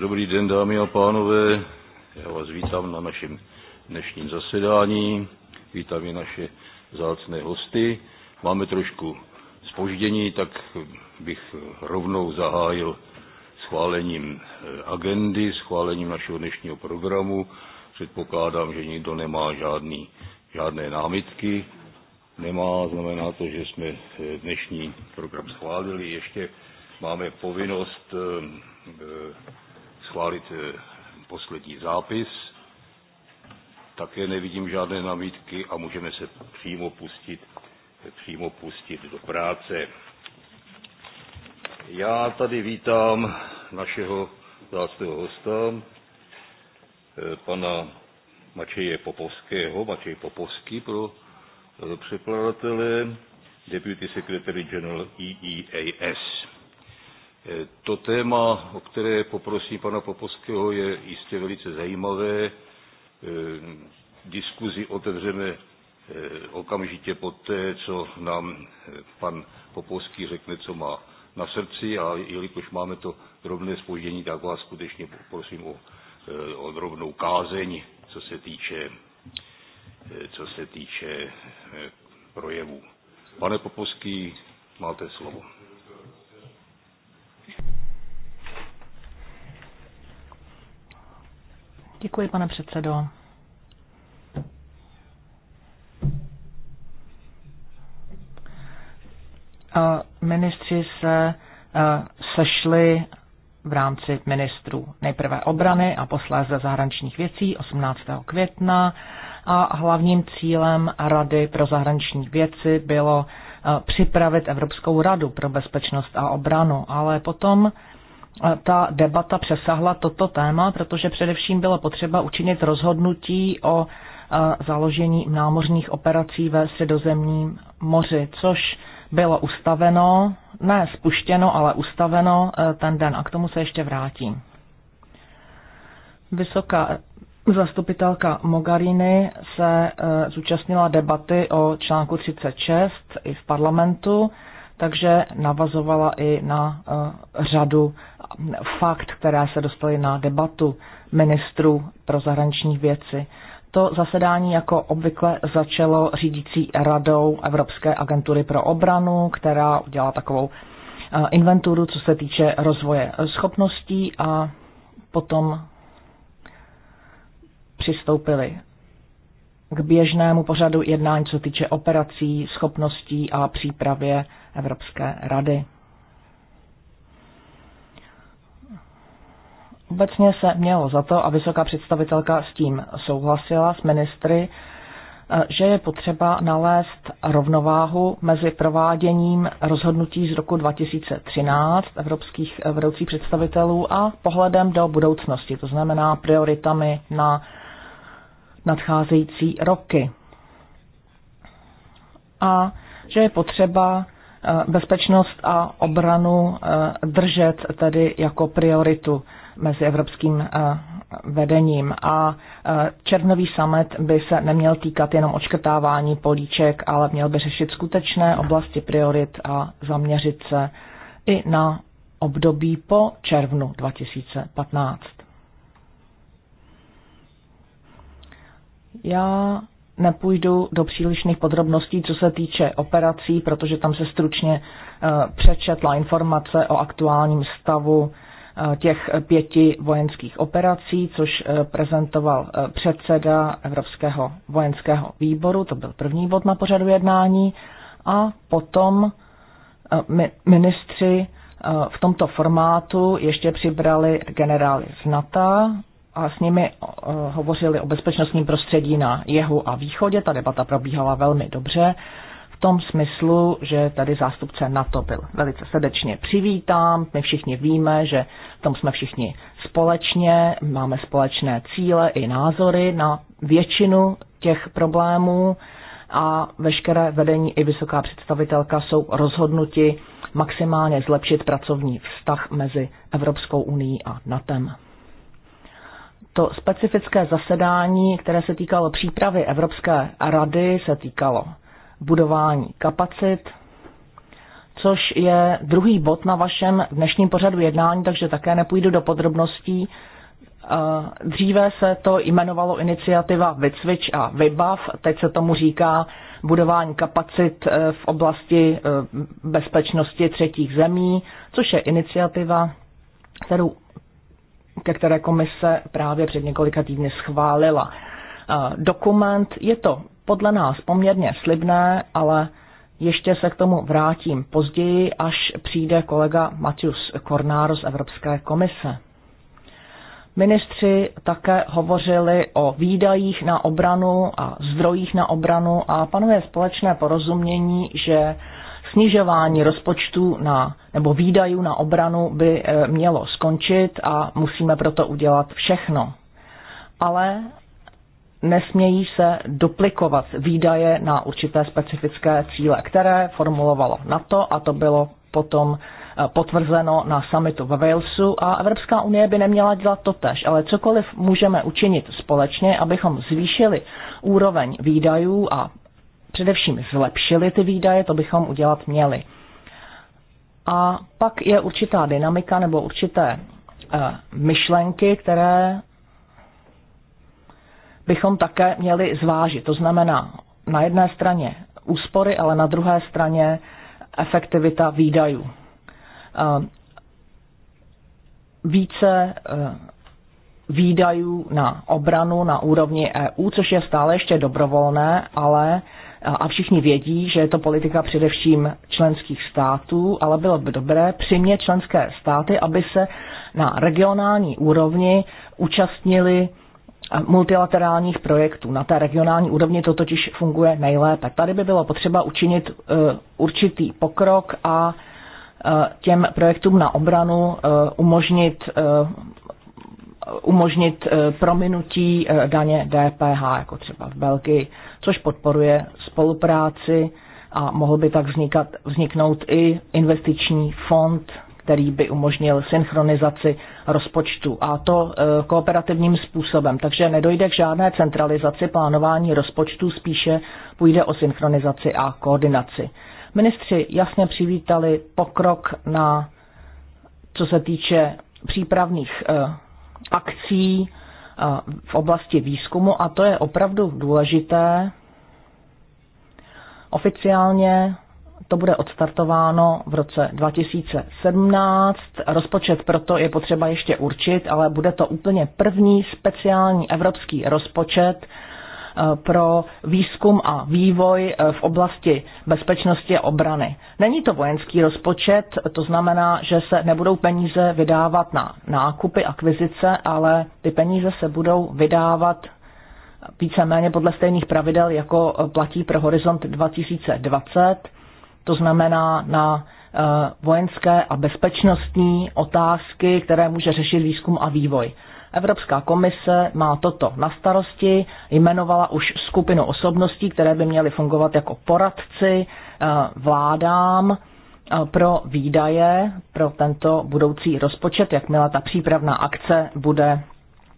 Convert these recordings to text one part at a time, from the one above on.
Dobrý den, dámy a pánové. Já vás vítám na našem dnešním zasedání. Vítám i naše zácné hosty. Máme trošku spoždění, tak bych rovnou zahájil schválením eh, agendy, schválením našeho dnešního programu. Předpokládám, že nikdo nemá žádný, žádné námitky. Nemá, znamená to, že jsme eh, dnešní program schválili. Ještě máme povinnost eh, schválit eh, poslední zápis. Také nevidím žádné namítky a můžeme se přímo pustit, eh, přímo pustit do práce. Já tady vítám našeho zástého hosta, eh, pana Mačeje Popovského, Mačej Popovský pro překladatele, deputy secretary general EEAS. Eh, to téma, o které poprosím pana Popovského, je jistě velice zajímavé. Eh, diskuzi otevřeme eh, okamžitě poté, co nám pan Popovský řekne, co má na srdci a jelikož máme to drobné spoždění, tak vás skutečně poprosím o, o drobnou kázeň, co se týče, co se týče projevů. Pane Popovský, máte slovo. Děkuji, pane předsedo. Eh, ministři se eh, sešli v rámci ministrů nejprve obrany a posléze zahraničních věcí 18. května a hlavním cílem Rady pro zahraniční věci bylo eh, připravit Evropskou radu pro bezpečnost a obranu, ale potom ta debata přesahla toto téma, protože především bylo potřeba učinit rozhodnutí o e, založení námořních operací ve Středozemním moři, což bylo ustaveno, ne spuštěno, ale ustaveno e, ten den a k tomu se ještě vrátím. Vysoká zastupitelka Mogarini se e, zúčastnila debaty o článku 36 i v parlamentu takže navazovala i na eh, řadu fakt, které se dostaly na debatu ministrů pro zahraniční věci. To zasedání jako obvykle začalo řídící radou Evropské agentury pro obranu, která udělala takovou eh, inventuru, co se týče rozvoje schopností a potom přistoupili k běžnému pořadu jednání, co týče operací, schopností a přípravě Evropské rady. Obecně se mělo za to, a vysoká představitelka s tím souhlasila s ministry, že je potřeba nalézt rovnováhu mezi prováděním rozhodnutí z roku 2013 evropských vedoucích představitelů a pohledem do budoucnosti, to znamená prioritami na nadcházející roky. A že je potřeba eh, bezpečnost a obranu eh, držet tedy jako prioritu mezi evropským eh, vedením. A červnový summit by se neměl týkat jenom očkrtávání políček, ale měl by řešit skutečné oblasti priorit a zaměřit se i na období po červnu 2015. Já nepůjdu do přílišných podrobností, co se týče operací, protože tam se stručně eh, přečetla informace o aktuálním stavu eh, těch pěti vojenských operací, což eh, prezentoval předseda Evropského vojenského výboru, to byl první bod na pořadu jednání, a potom ministři v tomto formátu ještě přibrali generály z NATO, a s nimi eh, hovořili o bezpečnostním prostředí na jihu a východě. Ta debata probíhala velmi dobře v tom smyslu, že tady zástupce NATO byl velice srdečně přivítám. My všichni víme, že v tom jsme všichni společně, máme společné cíle i názory na většinu těch problémů a veškeré vedení i vysoká představitelka jsou rozhodnuti maximálně zlepšit pracovní vztah mezi Evropskou unii a NATO to specifické zasedání, které se týkalo přípravy Evropské rady, se týkalo budování kapacit, což je druhý bod na vašem dnešním pořadu jednání, takže také nepůjdu do podrobností. Eh, dříve se to jmenovalo iniciativa Vycvič a Vybav, teď se tomu říká budování kapacit eh, v oblasti eh, bezpečnosti třetích zemí, což je iniciativa, kterou ke které komise právě před několika týdny schválila. Eh, dokument je to podle nás poměrně slibné, ale ještě se k tomu vrátím později, až přijde kolega Matius Kornáro z Evropské komise. Ministři také hovořili o výdajích na obranu a zdrojích na obranu a panuje společné porozumění, že snižování rozpočtu na, nebo výdajů na obranu by eh, mělo skončit a musíme proto udělat všechno. Ale nesmějí se duplikovat výdaje na určité specifické cíle, které formulovalo NATO a to bylo potom eh, potvrzeno na summitu ve Walesu a Evropská unie by neměla dělat totež, ale cokoliv můžeme učinit společně, abychom zvýšili úroveň výdajů a především zlepšili ty výdaje, to bychom udělat měli. A pak je určitá dynamika nebo určité eh, myšlenky, které bychom také měli zvážit. To znamená na jedné straně úspory, ale na druhé straně efektivita výdajů. Eh, více eh, výdajů na obranu na úrovni EU, což je stále ještě dobrovolné, ale a všichni vědí, že je to politika především členských států, ale bylo by dobré přimět členské státy, aby se na regionální úrovni účastnili multilaterálních projektů. Na té regionální úrovni to totiž funguje nejlépe. Tady by bylo potřeba učinit eh, určitý pokrok a eh, těm projektům na obranu eh, umožnit umožnit eh, prominutí eh, daně DPH, jako třeba v Belgii, což podporuje spolupráci a mohl by tak vznikat, vzniknout i investiční fond, který by umožnil synchronizaci rozpočtu a to eh, kooperativním způsobem. Takže nedojde k žádné centralizaci plánování rozpočtu, spíše půjde o synchronizaci a koordinaci. Ministři jasně přivítali pokrok na, co se týče přípravných akcí eh, v oblasti výzkumu a to je opravdu důležité. Oficiálně to bude odstartováno v roce 2017. Rozpočet proto je potřeba ještě určit, ale bude to úplně první speciální evropský rozpočet Eh, pro výzkum a vývoj eh, v oblasti bezpečnosti a obrany. Není to vojenský rozpočet, to znamená, že se nebudou peníze vydávat na nákupy, akvizice, ale ty peníze se budou vydávat víceméně podle stejných pravidel, jako eh, platí pro Horizont 2020, to znamená na vojenské a bezpečnostní otázky, které může řešit výzkum a vývoj. Evropská komise má toto na starosti, jmenovala už skupinu osobností, které by měly fungovat jako poradci eh, vládám eh, pro výdaje pro tento budoucí rozpočet, jakmile ta přípravná akce bude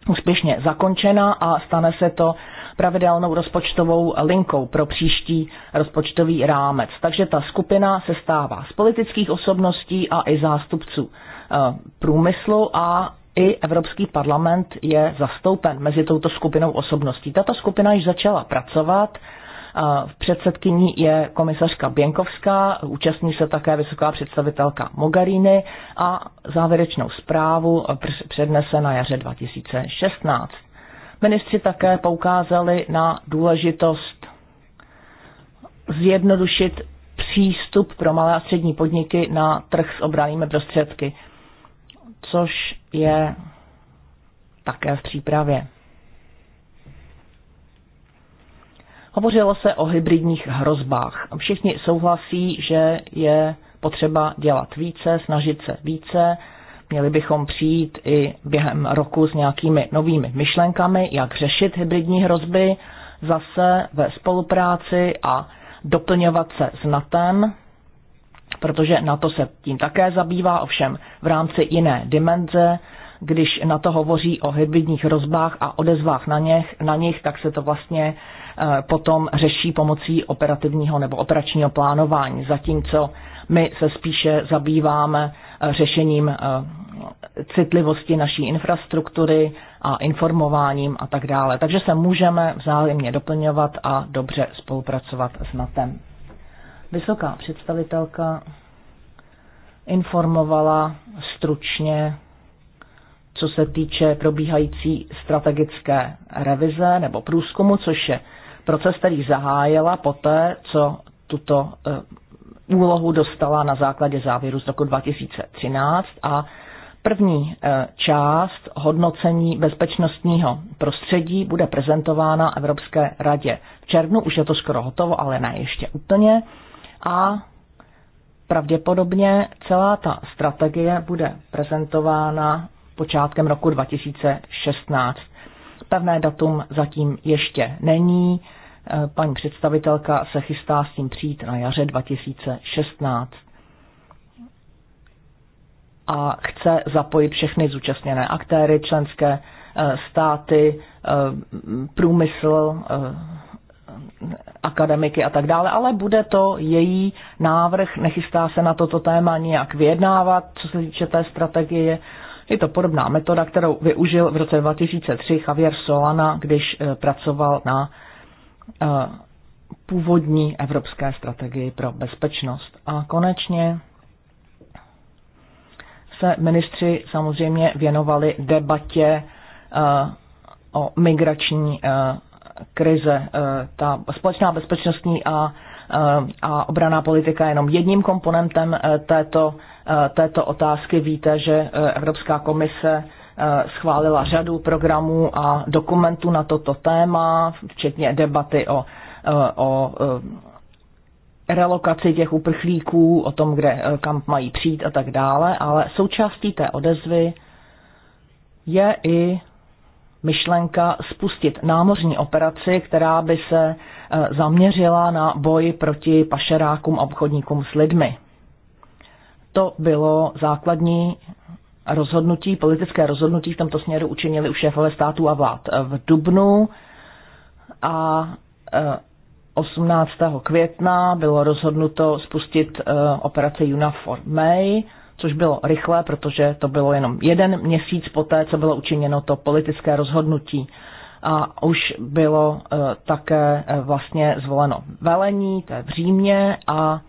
úspěšně zakončena a stane se to pravidelnou rozpočtovou linkou pro příští rozpočtový rámec. Takže ta skupina se stává z politických osobností a i zástupců eh, průmyslu a i Evropský parlament je zastoupen mezi touto skupinou osobností. Tato skupina již začala pracovat. V předsedkyní je komisařka Běnkovská, účastní se také vysoká představitelka Mogarini a závěrečnou zprávu přednese na jaře 2016. Ministři také poukázali na důležitost zjednodušit přístup pro malé a střední podniky na trh s obranými prostředky což je také v přípravě. Hovořilo se o hybridních hrozbách. Všichni souhlasí, že je potřeba dělat více, snažit se více. Měli bychom přijít i během roku s nějakými novými myšlenkami, jak řešit hybridní hrozby, zase ve spolupráci a doplňovat se s NATEM, protože na to se tím také zabývá, ovšem v rámci jiné dimenze, když na to hovoří o hybridních rozbách a odezvách na, něch, na nich, tak se to vlastně eh, potom řeší pomocí operativního nebo operačního plánování, zatímco my se spíše zabýváme eh, řešením eh, citlivosti naší infrastruktury a informováním a tak dále. Takže se můžeme vzájemně doplňovat a dobře spolupracovat s NATO. Vysoká představitelka informovala stručně, co se týče probíhající strategické revize nebo průzkumu, což je proces, který zahájila poté, co tuto eh, úlohu dostala na základě závěru z roku 2013 a První eh, část hodnocení bezpečnostního prostředí bude prezentována Evropské radě v červnu, už je to skoro hotovo, ale ne ještě úplně a pravděpodobně celá ta strategie bude prezentována počátkem roku 2016. Pevné datum zatím ještě není. Paní představitelka se chystá s tím přijít na jaře 2016 a chce zapojit všechny zúčastněné aktéry, členské eh, státy, eh, průmysl, eh, akademiky a tak dále, ale bude to její návrh, nechystá se na toto téma nějak vyjednávat, co se týče té strategie. Je to podobná metoda, kterou využil v roce 2003 Javier Solana, když eh, pracoval na eh, původní evropské strategii pro bezpečnost. A konečně se ministři samozřejmě věnovali debatě eh, o migrační krize. Eh, ta společná bezpečnostní a, eh, a obraná politika je jenom jedním komponentem eh, této, této otázky. Víte, že Evropská komise schválila řadu programů a dokumentů na toto téma, včetně debaty o, o relokaci těch uprchlíků, o tom, kde, kam mají přijít a tak dále, ale součástí té odezvy je i myšlenka spustit námořní operaci, která by se eh, zaměřila na boj proti pašerákům a obchodníkům s lidmi. To bylo základní rozhodnutí, politické rozhodnutí v tomto směru učinili už šéfové států a vlád eh, v Dubnu a 18. Eh, května bylo rozhodnuto spustit operaci UNAFOR May, což bylo rychlé, protože to bylo jenom jeden měsíc poté, co bylo učiněno to politické rozhodnutí. A už bylo e, také e, vlastně zvoleno velení, to je v Římě, a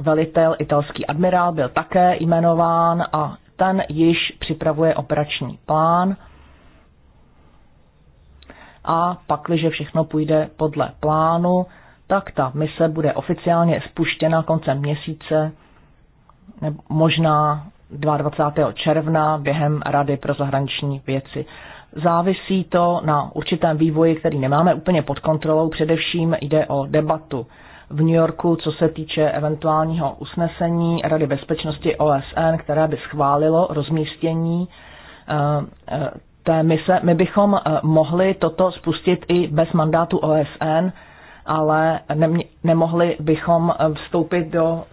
velitel italský admirál byl také jmenován a ten již připravuje operační plán. A pak, když všechno půjde podle plánu, tak ta mise bude oficiálně spuštěna koncem měsíce možná 22. června během Rady pro zahraniční věci. Závisí to na určitém vývoji, který nemáme úplně pod kontrolou, především jde o debatu v New Yorku, co se týče eventuálního usnesení Rady bezpečnosti OSN, které by schválilo rozmístění eh, eh, té mise. My bychom eh, mohli toto spustit i bez mandátu OSN, ale nemohli bychom vstoupit do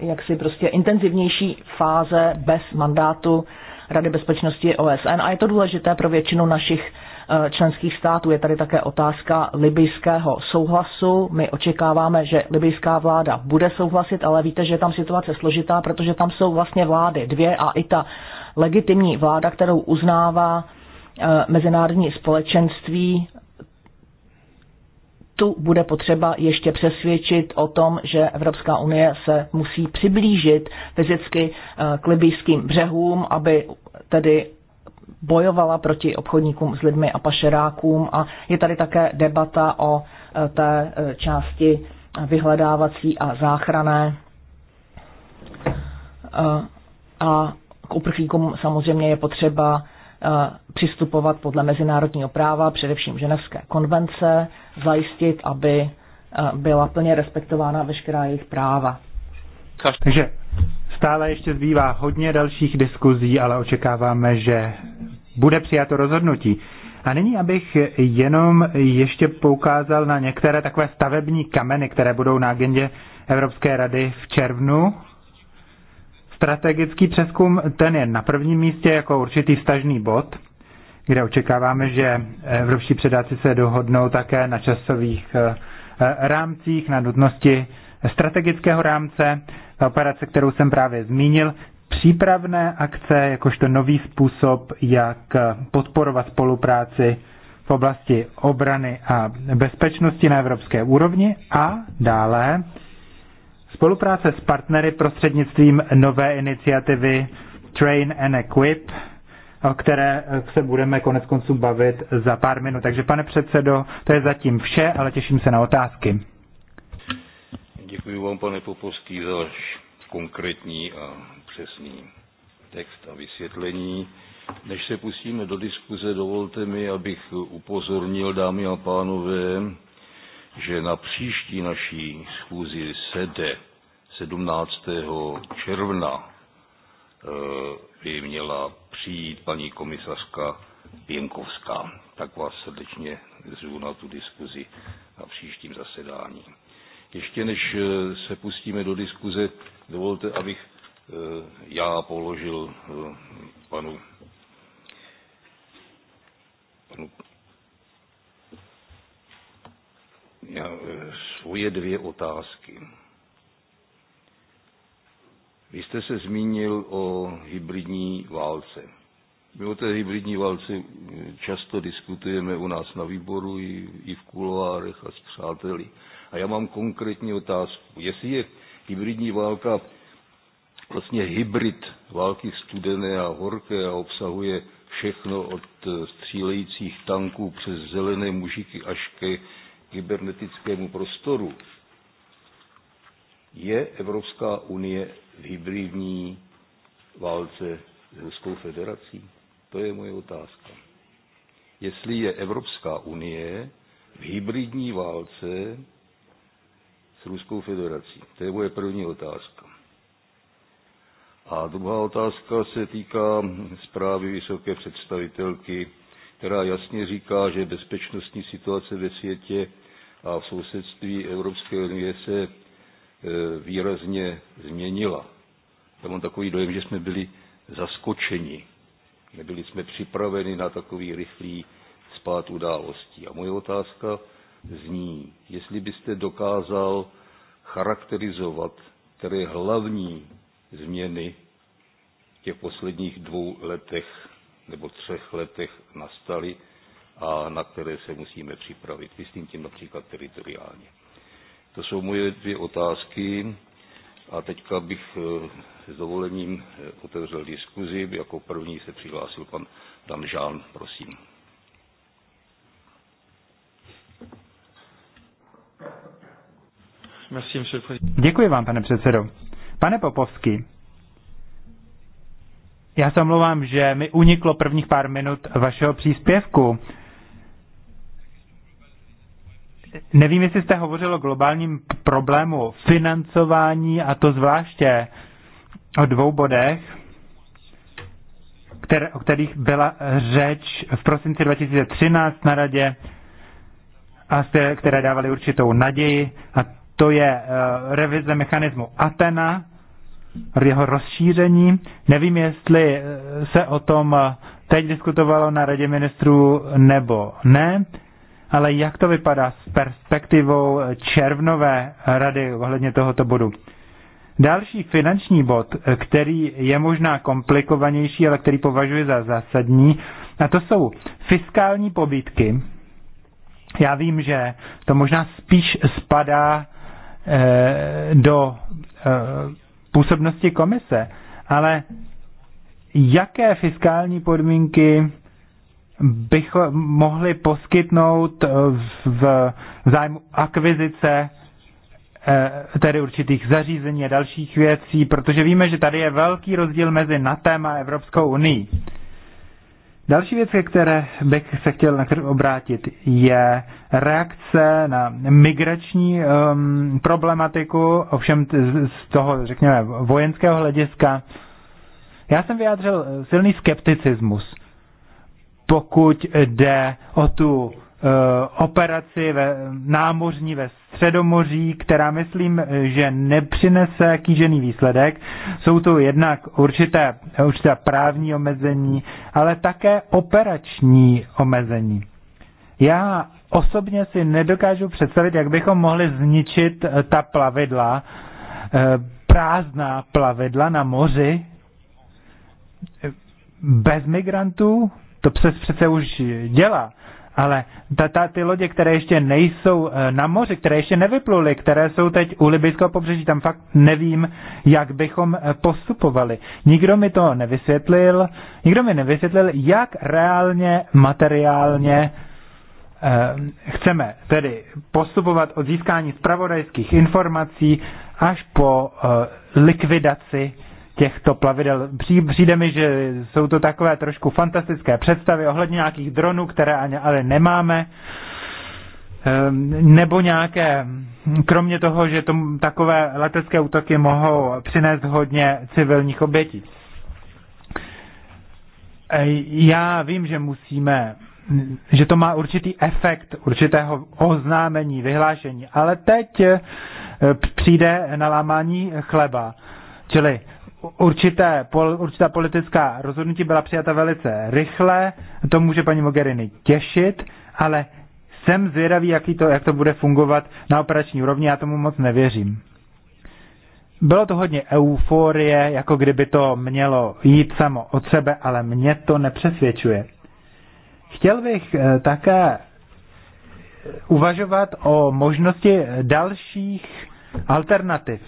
jaksi prostě intenzivnější fáze bez mandátu Rady bezpečnosti OSN a je to důležité pro většinu našich eh, členských států. Je tady také otázka libijského souhlasu. My očekáváme, že libijská vláda bude souhlasit, ale víte, že je tam situace složitá, protože tam jsou vlastně vlády dvě a i ta legitimní vláda, kterou uznává eh, mezinárodní společenství tu bude potřeba ještě přesvědčit o tom, že Evropská unie se musí přiblížit fyzicky eh, k libijským břehům, aby tedy bojovala proti obchodníkům s lidmi a pašerákům. A je tady také debata o eh, té eh, části vyhledávací a záchrané. A k uprchlíkům samozřejmě je potřeba Eh, přistupovat podle mezinárodního práva, především Ženevské konvence, zajistit, aby eh, byla plně respektována veškerá jejich práva. Takže stále ještě zbývá hodně dalších diskuzí, ale očekáváme, že bude přijato rozhodnutí. A nyní, abych jenom ještě poukázal na některé takové stavební kameny, které budou na agendě Evropské rady v červnu Strategický přeskum, ten je na prvním místě jako určitý stažný bod, kde očekáváme, že eh, evropští předáci se dohodnou také na časových eh, eh, rámcích, na nutnosti strategického rámce, ta operace, kterou jsem právě zmínil, přípravné akce, jakožto nový způsob, jak podporovat spolupráci v oblasti obrany a bezpečnosti na evropské úrovni a dále Spolupráce s partnery prostřednictvím nové iniciativy Train and Equip, o které se budeme konec konců bavit za pár minut. Takže pane předsedo, to je zatím vše, ale těším se na otázky. Děkuji vám, pane Popovský, za váš konkrétní a přesný text a vysvětlení. Než se pustíme do diskuze, dovolte mi, abych upozornil, dámy a pánové, že na příští naší schůzi sede 17. června eh, by měla přijít paní komisařka Pěnkovská. Tak vás srdečně zvu na tu diskuzi na příštím zasedání. Ještě než eh, se pustíme do diskuze, dovolte, abych eh, já položil panu, panu Eh, svoje dvě otázky. Vy jste se zmínil o hybridní válce. My o té hybridní válce eh, často diskutujeme u nás na výboru i, i v kuloárech a s přáteli. A já mám konkrétní otázku. Jestli je hybridní válka vlastně hybrid války studené a horké a obsahuje všechno od eh, střílejících tanků přes zelené mužiky až ke kybernetickému prostoru je Evropská unie v hybridní válce s Ruskou federací? To je moje otázka. Jestli je Evropská unie v hybridní válce s Ruskou federací. To je moje první otázka. A druhá otázka se týká zprávy vysoké představitelky, která jasně říká, že bezpečnostní situace ve světě a v sousedství Evropské unie se e, výrazně změnila. Já mám takový dojem, že jsme byli zaskočeni. Nebyli jsme připraveni na takový rychlý spát událostí. A moje otázka zní, jestli byste dokázal charakterizovat, které hlavní změny v těch posledních dvou letech nebo třech letech nastaly a na které se musíme připravit. Myslím tím například teritoriálně. To jsou moje dvě otázky a teďka bych eh, s dovolením eh, otevřel diskuzi. Jako první se přihlásil pan Dan Žán, prosím. Děkuji vám, pane předsedo. Pane Popovský, já se omlouvám, že mi uniklo prvních pár minut vašeho příspěvku. Nevím, jestli jste hovořil o globálním problému financování a to zvláště o dvou bodech, které, o kterých byla řeč v prosinci 2013 na radě a které dávaly určitou naději a to je uh, revize mechanismu Atena, jeho rozšíření. Nevím, jestli eh, se o tom eh, teď diskutovalo na radě ministrů nebo ne. Ale jak to vypadá s perspektivou červnové rady ohledně tohoto bodu? Další finanční bod, který je možná komplikovanější, ale který považuji za zásadní, a to jsou fiskální pobídky. Já vím, že to možná spíš spadá eh, do eh, působnosti komise, ale jaké fiskální podmínky Bych mohli poskytnout v zájmu akvizice eh, tedy určitých zařízení a dalších věcí, protože víme, že tady je velký rozdíl mezi NATEM a Evropskou unii. Další věc, ke které bych se chtěl na obrátit, je reakce na migrační um, problematiku, ovšem z toho, řekněme, vojenského hlediska. Já jsem vyjádřil silný skepticismus pokud jde o tu e, operaci ve, námořní ve Středomoří, která myslím, že nepřinese kýžený výsledek. Jsou to jednak určité, určité právní omezení, ale také operační omezení. Já osobně si nedokážu představit, jak bychom mohli zničit e, ta plavidla, e, prázdná plavidla na moři bez migrantů, to přece už dělá. Ale ta, ta, ty lodě, které ještě nejsou eh, na moři, které ještě nevypluly, které jsou teď u Libyského pobřeží, tam fakt nevím, jak bychom eh, postupovali. Nikdo mi to nevysvětlil, nikdo mi nevysvětlil, jak reálně, materiálně eh, chceme tedy postupovat od získání zpravodajských informací až po likvidaci těchto plavidel. Přijde mi, že jsou to takové trošku fantastické představy ohledně nějakých dronů, které ani ale nemáme, ehm, nebo nějaké, kromě toho, že to, takové letecké útoky mohou přinést hodně civilních obětí. Já vím, že musíme, že to má určitý efekt určitého oznámení, vyhlášení, ale teď eh, přijde nalámání chleba. Čili určité, pol, určitá politická rozhodnutí byla přijata velice rychle, to může paní Mogherini těšit, ale jsem zvědavý, jaký to, jak to bude fungovat na operační úrovni, já tomu moc nevěřím. Bylo to hodně euforie, jako kdyby to mělo jít samo od sebe, ale mě to nepřesvědčuje. Chtěl bych eh, také uvažovat o možnosti dalších alternativ.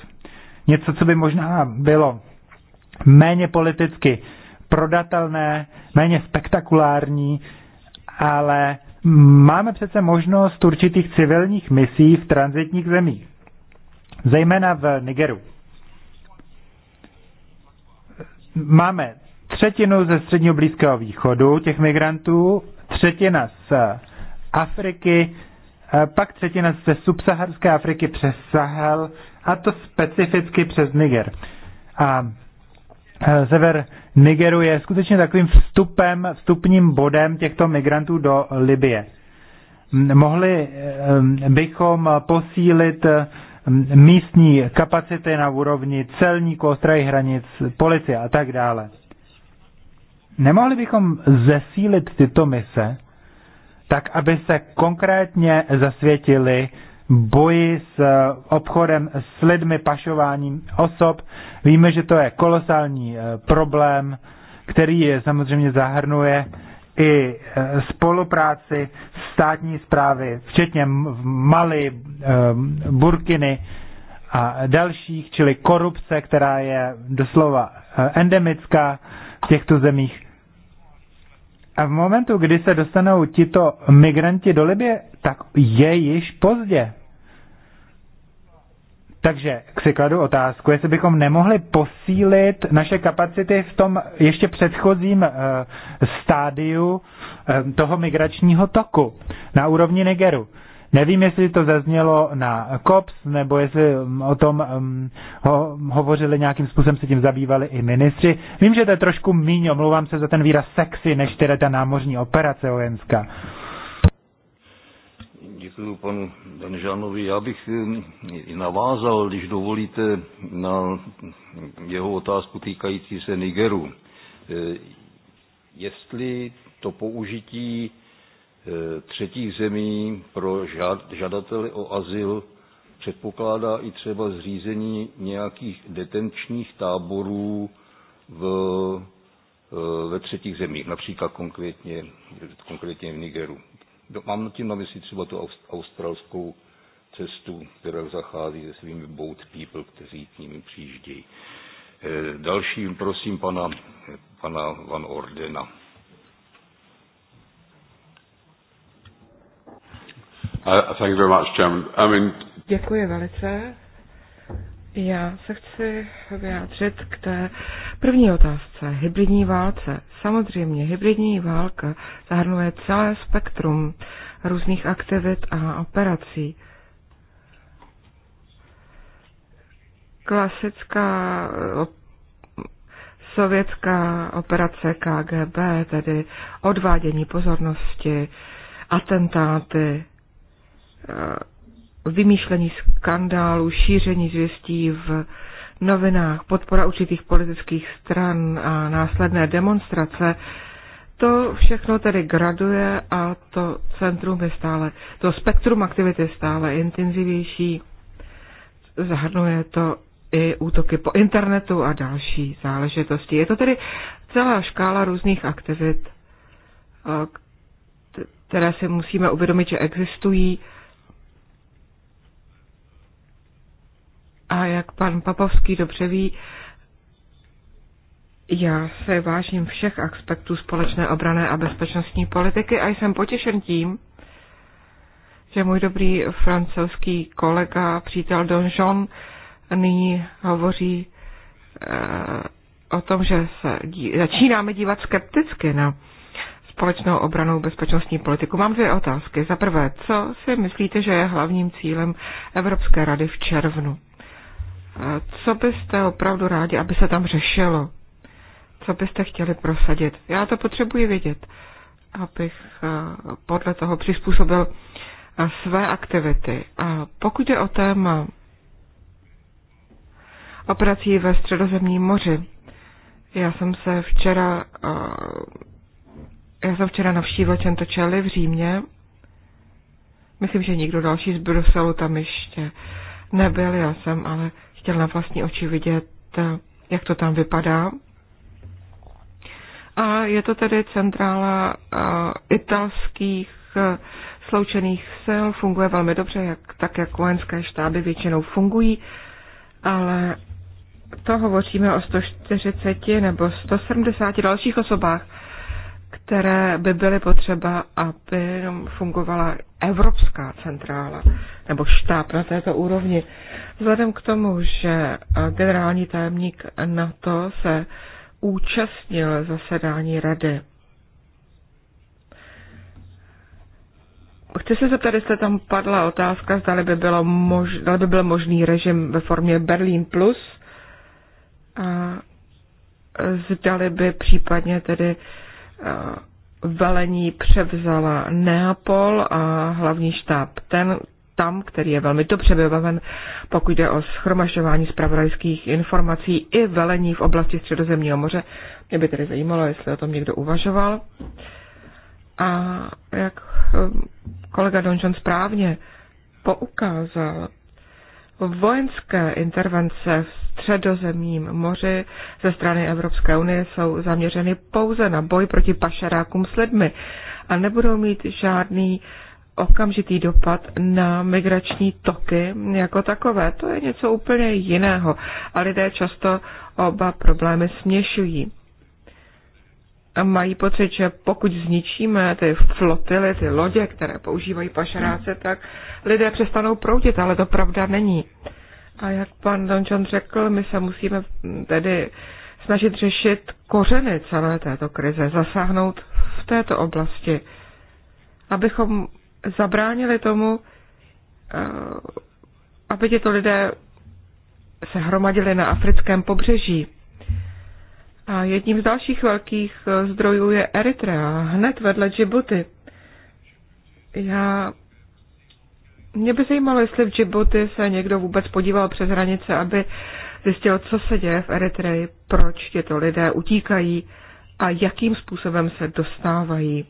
Něco, co by možná bylo méně politicky prodatelné, méně spektakulární, ale máme přece možnost určitých civilních misí v transitních zemích, zejména v Nigeru. Máme třetinu ze středního Blízkého východu těch migrantů, třetina z eh, Afriky, eh, pak třetina ze subsaharské Afriky přes Sahel a to specificky přes Niger. A Eh, sever Nigeru je skutečně takovým vstupem, vstupním bodem těchto migrantů do Libie. Mohli eh, bychom posílit eh, místní kapacity na úrovni celníků, ostrají hranic, policie a tak dále. Nemohli bychom zesílit tyto mise, tak aby se konkrétně zasvětili boji s eh, obchodem s lidmi, pašováním osob. Víme, že to je kolosální eh, problém, který je samozřejmě zahrnuje i eh, spolupráci státní zprávy, včetně Mali, Burkiny a dalších, čili korupce, která je doslova endemická v těchto zemích. A v momentu, kdy se dostanou tito migranti do Libě, tak je již pozdě. Takže si kladu otázku, jestli bychom nemohli posílit naše kapacity v tom ještě předchozím eh, stádiu eh, toho migračního toku na úrovni Nigeru. Nevím, jestli to zaznělo na COPS, nebo jestli mm, o tom um, ho, hovořili nějakým způsobem, se tím zabývali i ministři. Vím, že to je trošku míň, omlouvám se za ten výraz sexy, než teda ta námořní operace vojenská. Děkuji panu Danžanovi. Já bych hm, navázal, když dovolíte, na jeho otázku týkající se Nigeru. E, jestli to použití e, třetích zemí pro žadatele o azyl předpokládá i třeba zřízení nějakých detenčních táborů v, e, ve třetích zemích, například konkrétně, konkrétně v Nigeru mám tím na mysli třeba tu australskou cestu, která zachází se svými boat people, kteří k nimi přijíždějí. Eh, dalším prosím pana, pana Van Ordena. Uh, Děkuji velice. Já se chci vyjádřit k té první otázce. Hybridní válce. Samozřejmě, hybridní válka zahrnuje celé spektrum různých aktivit a operací. Klasická sovětská operace KGB, tedy odvádění pozornosti, atentáty, vymýšlení skandálů, šíření zvěstí v novinách, podpora určitých politických stran a následné demonstrace, to všechno tedy graduje a to centrum je stále, to spektrum aktivity je stále intenzivější. Zahrnuje to i útoky po internetu a další záležitosti. Je to tedy celá škála různých aktivit, které si musíme uvědomit, že existují A jak pan Papovský dobře ví, já se vážím všech aspektů společné obrané a bezpečnostní politiky a jsem potěšen tím, že můj dobrý francouzský kolega, přítel Don John, nyní hovoří eh, o tom, že se dí, začínáme dívat skepticky na společnou obranou bezpečnostní politiku. Mám dvě otázky. Za prvé, co si myslíte, že je hlavním cílem Evropské rady v červnu? co byste opravdu rádi, aby se tam řešilo? Co byste chtěli prosadit? Já to potřebuji vědět, abych eh, podle toho přizpůsobil eh, své aktivity. A pokud je o téma operací ve středozemním moři, já jsem se včera, eh, já jsem včera navštívil Čentočely v Římě. Myslím, že nikdo další z Bruselu tam ještě nebyl, já jsem ale chtěl na vlastní oči vidět, jak to tam vypadá. A je to tedy centrála italských sloučených sil, funguje velmi dobře, jak, tak jak vojenské štáby většinou fungují, ale to hovoříme o 140 nebo 170 dalších osobách, které by byly potřeba, aby fungovala evropská centrála nebo štáb na této úrovni. Vzhledem k tomu, že eh, generální tajemník NATO se účastnil zasedání rady. Chci se zeptat, jestli tam padla otázka, zda by, bylo mož, by byl možný režim ve formě Berlín plus, a zdali by případně tedy eh, velení převzala Neapol a hlavní štáb. Ten tam, který je velmi dobře vybaven, pokud jde o schromažďování zpravodajských informací i velení v oblasti Středozemního moře. Mě by tedy zajímalo, jestli o tom někdo uvažoval. A jak eh, kolega Donjon správně poukázal, vojenské intervence v středozemním moři ze strany Evropské unie jsou zaměřeny pouze na boj proti pašerákům s lidmi a nebudou mít žádný okamžitý dopad na migrační toky jako takové. To je něco úplně jiného a lidé často oba problémy směšují. A mají pocit, že pokud zničíme ty flotily, ty lodě, které používají pašeráce, tak lidé přestanou proudit, ale to pravda není. A jak pan Dončan řekl, my se musíme tedy snažit řešit kořeny celé této krize, zasáhnout v této oblasti, abychom zabránili tomu, eh, aby tyto lidé se hromadili na africkém pobřeží. A jedním z dalších velkých eh, zdrojů je Eritrea, hned vedle Djibouti. Já... Mě by zajímalo, jestli v Djibouti se někdo vůbec podíval přes hranice, aby zjistil, co se děje v Eritreji, proč těto lidé utíkají a jakým způsobem se dostávají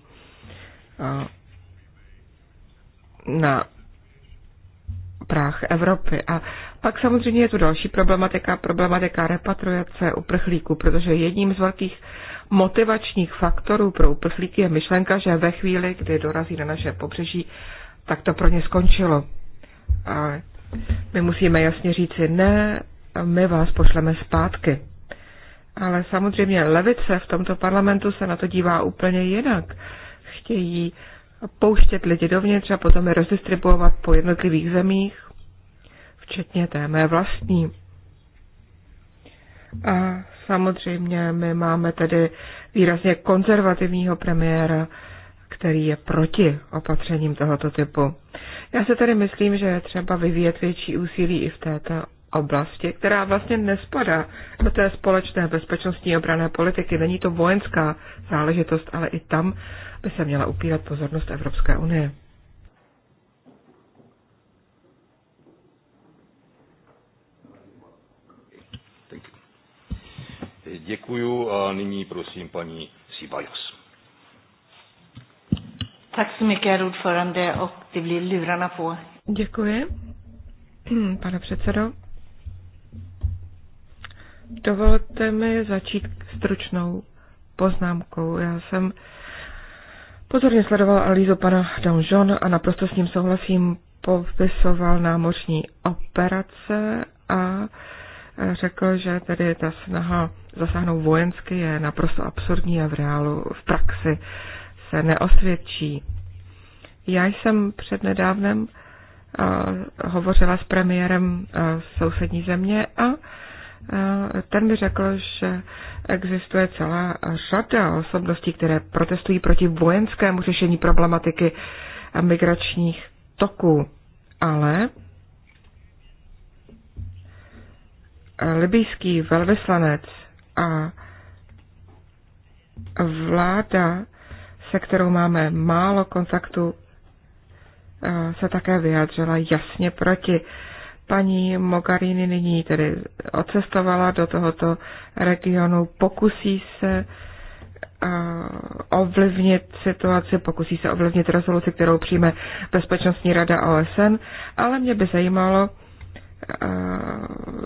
na práh Evropy. A pak samozřejmě je tu další problematika, problematika repatriace uprchlíků, protože jedním z velkých motivačních faktorů pro uprchlíky je myšlenka, že ve chvíli, kdy dorazí na naše pobřeží, tak to pro ně skončilo. A my musíme jasně říci, ne, my vás pošleme zpátky. Ale samozřejmě levice v tomto parlamentu se na to dívá úplně jinak. Chtějí pouštět lidi dovnitř a potom je rozdistribuovat po jednotlivých zemích, včetně té mé vlastní. A samozřejmě my máme tedy výrazně konzervativního premiéra, který je proti opatřením tohoto typu. Já se tedy myslím, že je třeba vyvíjet větší úsilí i v této oblasti, která vlastně nespadá do té společné bezpečnostní obrané politiky. Není to vojenská záležitost, ale i tam by se měla upírat pozornost Evropské unie. Děkuju a nyní prosím paní Sibajos. Tak så mycket, herr Děkuji, pane předsedo. Dovolte mi začít stručnou poznámkou. Já jsem pozorně sledoval analýzu pana Donjon a naprosto s ním souhlasím. Popisoval námořní operace a řekl, že tedy ta snaha zasáhnout vojensky je naprosto absurdní a v reálu, v praxi se neosvědčí. Já jsem přednedávnem hovořila s premiérem sousední země a Eh, ten mi řekl, že existuje celá řada osobností, které protestují proti vojenskému řešení problematiky migračních toků. Ale libýský velvyslanec a vláda, se kterou máme málo kontaktu, eh, se také vyjádřila jasně proti Paní Mogarini nyní tedy odcestovala do tohoto regionu, pokusí se ovlivnit situaci, pokusí se ovlivnit rezoluci, kterou přijme Bezpečnostní rada OSN, ale mě by zajímalo,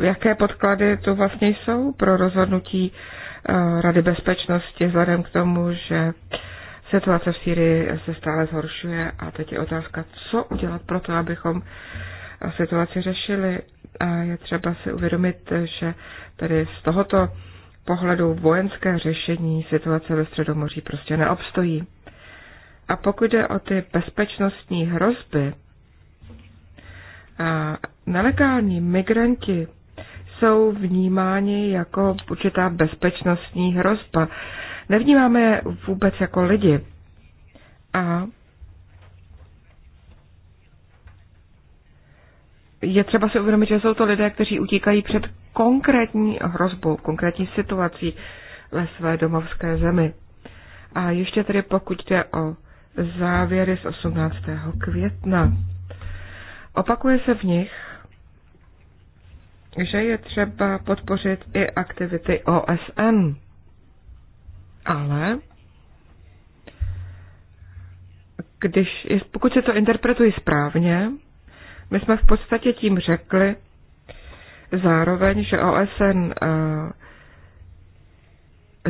jaké podklady tu vlastně jsou pro rozhodnutí Rady bezpečnosti, vzhledem k tomu, že situace v Sýrii se stále zhoršuje a teď je otázka, co udělat pro to, abychom situaci řešili. A je třeba si uvědomit, že tady z tohoto pohledu vojenské řešení situace ve Středomoří prostě neobstojí. A pokud jde o ty bezpečnostní hrozby, a nelegální migranti jsou vnímáni jako určitá bezpečnostní hrozba. Nevnímáme je vůbec jako lidi. A je třeba si uvědomit, že jsou to lidé, kteří utíkají před konkrétní hrozbou, konkrétní situací ve své domovské zemi. A ještě tedy pokud jde o závěry z 18. května. Opakuje se v nich, že je třeba podpořit i aktivity OSN. Ale když, pokud se to interpretuji správně, my jsme v podstatě tím řekli zároveň, že OSN eh,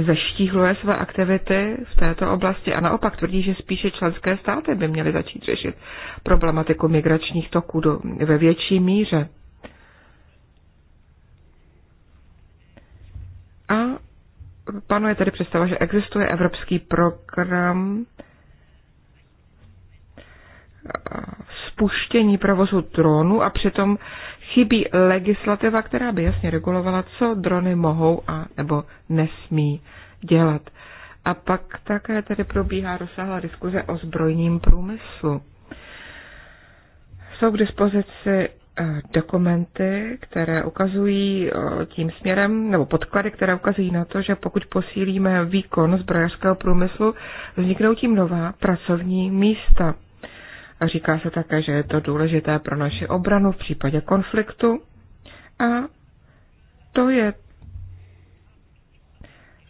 zeštíhluje své aktivity v této oblasti a naopak tvrdí, že spíše členské státy by měly začít řešit problematiku migračních toků do, ve větší míře. A panuje tedy představa, že existuje evropský program spuštění provozu dronu a přitom chybí legislativa, která by jasně regulovala, co drony mohou a nebo nesmí dělat. A pak také tedy probíhá rozsáhlá diskuze o zbrojním průmyslu. Jsou k dispozici eh, dokumenty, které ukazují eh, tím směrem, nebo podklady, které ukazují na to, že pokud posílíme výkon zbrojařského průmyslu, vzniknou tím nová pracovní místa. Říká se také, že je to důležité pro naši obranu v případě konfliktu a to je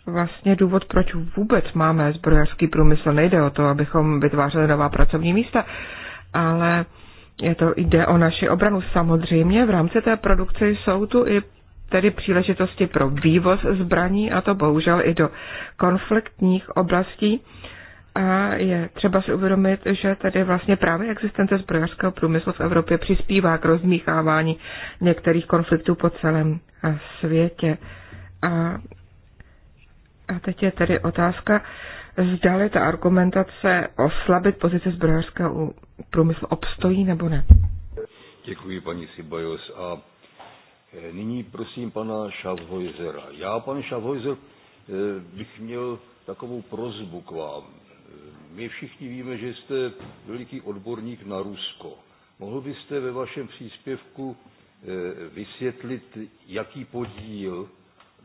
vlastně důvod, proč vůbec máme zbrojařský průmysl. Nejde o to, abychom vytvářeli nová pracovní místa, ale je to, jde o naši obranu. Samozřejmě v rámci té produkce jsou tu i tedy příležitosti pro vývoz zbraní a to bohužel i do konfliktních oblastí. A je třeba si uvědomit, že tady vlastně právě existence zbrojařského průmyslu v Evropě přispívá k rozmíchávání některých konfliktů po celém světě. A, a teď je tedy otázka, zdali ta argumentace oslabit pozici zbrojařského průmyslu obstojí nebo ne. Děkuji, paní Sibajos. A e, nyní prosím pana Šavhojzera. Já, pan Šavhojzer, e, bych měl takovou prozbu k vám. My všichni víme, že jste veliký odborník na Rusko. Mohl byste ve vašem příspěvku eh, vysvětlit, jaký podíl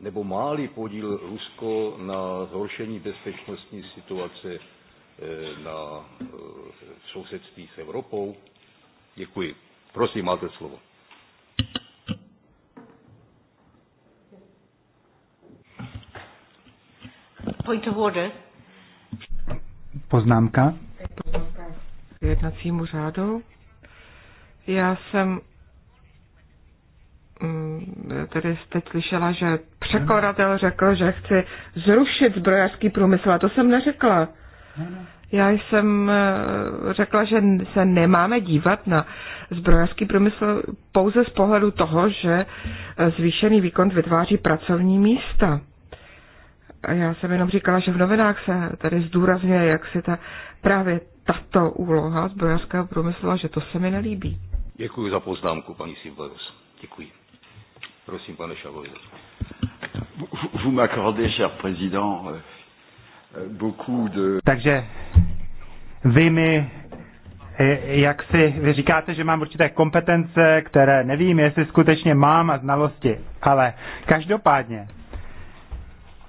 nebo máli podíl Rusko na zhoršení bezpečnostní situace eh, na eh, sousedství s Evropou? Děkuji. Prosím, máte slovo. Point of order poznámka. K jednacímu řádu. Já jsem mm, tedy teď slyšela, že překladatel řekl, že chci zrušit zbrojařský průmysl, a to jsem neřekla. Já jsem eh, řekla, že se nemáme dívat na zbrojařský průmysl pouze z pohledu toho, že eh, zvýšený výkon vytváří pracovní místa já jsem jenom říkala, že v novinách se tady zdůrazňuje, jak si ta právě tato úloha zbrojařského průmyslu a že to se mi nelíbí. Děkuji za poznámku, paní Simbaros. Děkuji. Prosím, pane Šavoje. Vous m'accordez, cher président, euh, beaucoup de... Takže vy mi, eh, jak si vy říkáte, že mám určité kompetence, které nevím, jestli skutečně mám a znalosti, ale každopádně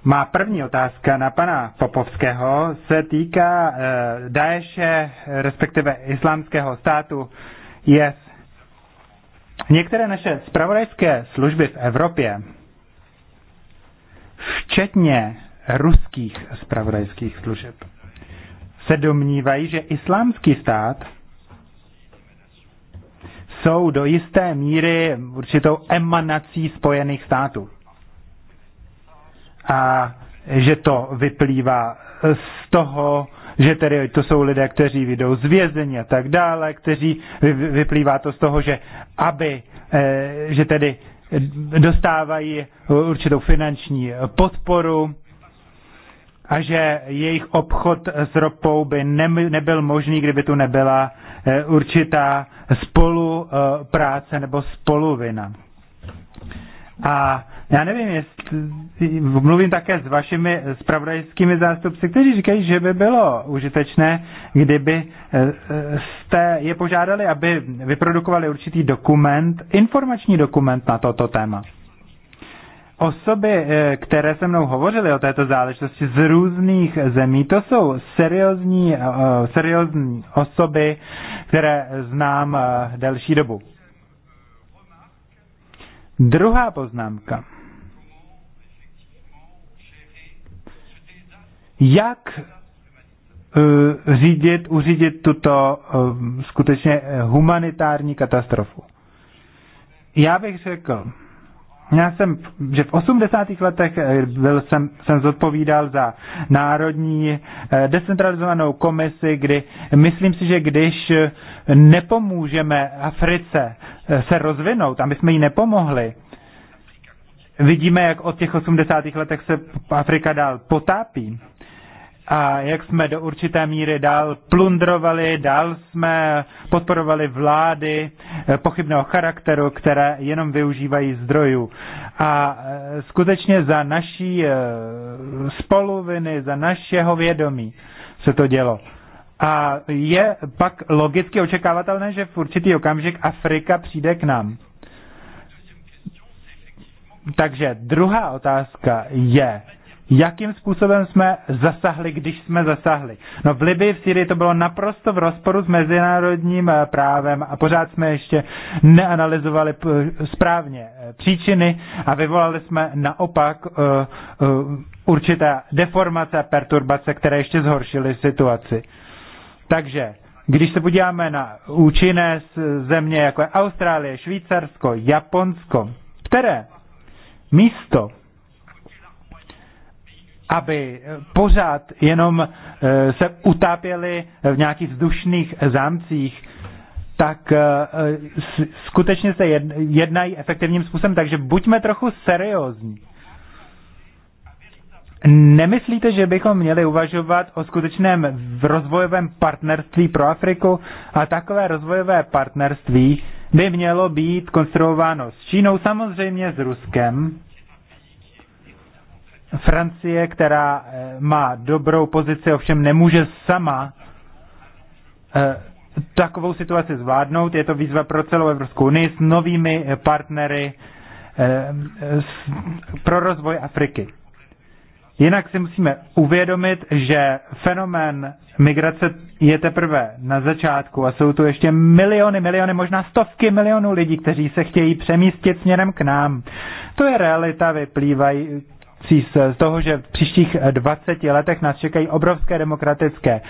má první otázka na pana Popovského se týká uh, Daeše, respektive islámského státu. Yes. Některé naše spravodajské služby v Evropě, včetně ruských spravodajských služeb, se domnívají, že islámský stát jsou do jisté míry určitou emanací Spojených států a že to vyplývá z toho, že tedy to jsou lidé, kteří vydou z vězení a tak dále, kteří vyplývá to z toho, že aby, eh, že tedy dostávají určitou finanční podporu a že jejich obchod s ropou by nebyl možný, kdyby tu nebyla eh, určitá spolupráce nebo spoluvina. A já nevím, jestli mluvím také s vašimi spravodajskými zástupci, kteří říkají, že by bylo užitečné, kdyby eh, jste je požádali, aby vyprodukovali určitý dokument, informační dokument na toto téma. Osoby, eh, které se mnou hovořily o této záležitosti z různých zemí, to jsou seriózní, eh, seriózní osoby, které znám delší dobu. Druhá poznámka. Jak e, řídit, uřídit tuto e, skutečně humanitární katastrofu? Já bych řekl, já jsem, že v 80. letech eh, byl, jsem, jsem zodpovídal za národní eh, decentralizovanou komisi, kdy myslím si, že když eh, nepomůžeme Africe se rozvinout, a my jsme jí nepomohli, vidíme, jak od těch 80. letech se Afrika dál potápí, a jak jsme do určité míry dál plundrovali, dál jsme podporovali vlády eh, pochybného charakteru, které jenom využívají zdrojů. A eh, skutečně za naší eh, spoluviny, za našeho vědomí se to dělo. A je pak logicky očekávatelné, že v určitý okamžik Afrika přijde k nám. Takže druhá otázka je, jakým způsobem jsme zasahli, když jsme zasahli. No v Libii, v Syrii to bylo naprosto v rozporu s mezinárodním eh, právem a pořád jsme ještě neanalyzovali eh, správně eh, příčiny a vyvolali jsme naopak určité deformace a perturbace, které ještě zhoršily situaci. Takže když se podíváme na účinné země, jako je Austrálie, Švýcarsko, Japonsko, které místo aby pořád jenom eh, se utápěli v nějakých vzdušných zámcích, tak eh, skutečně se jednají efektivním způsobem. Takže buďme trochu seriózní. Nemyslíte, že bychom měli uvažovat o skutečném rozvojovém partnerství pro Afriku a takové rozvojové partnerství by mělo být konstruováno s Čínou, samozřejmě s Ruskem, Francie, která eh, má dobrou pozici, ovšem nemůže sama eh, takovou situaci zvládnout. Je to výzva pro celou Evropskou unii s novými eh, partnery pro rozvoj Afriky. Jinak si musíme uvědomit, že fenomén migrace je teprve na začátku a jsou tu ještě miliony, miliony, možná stovky milionů lidí, kteří se chtějí přemístit směrem k nám. To je realita vyplývají, z toho, že v příštích 20 eh, letech nás čekají obrovské demokratické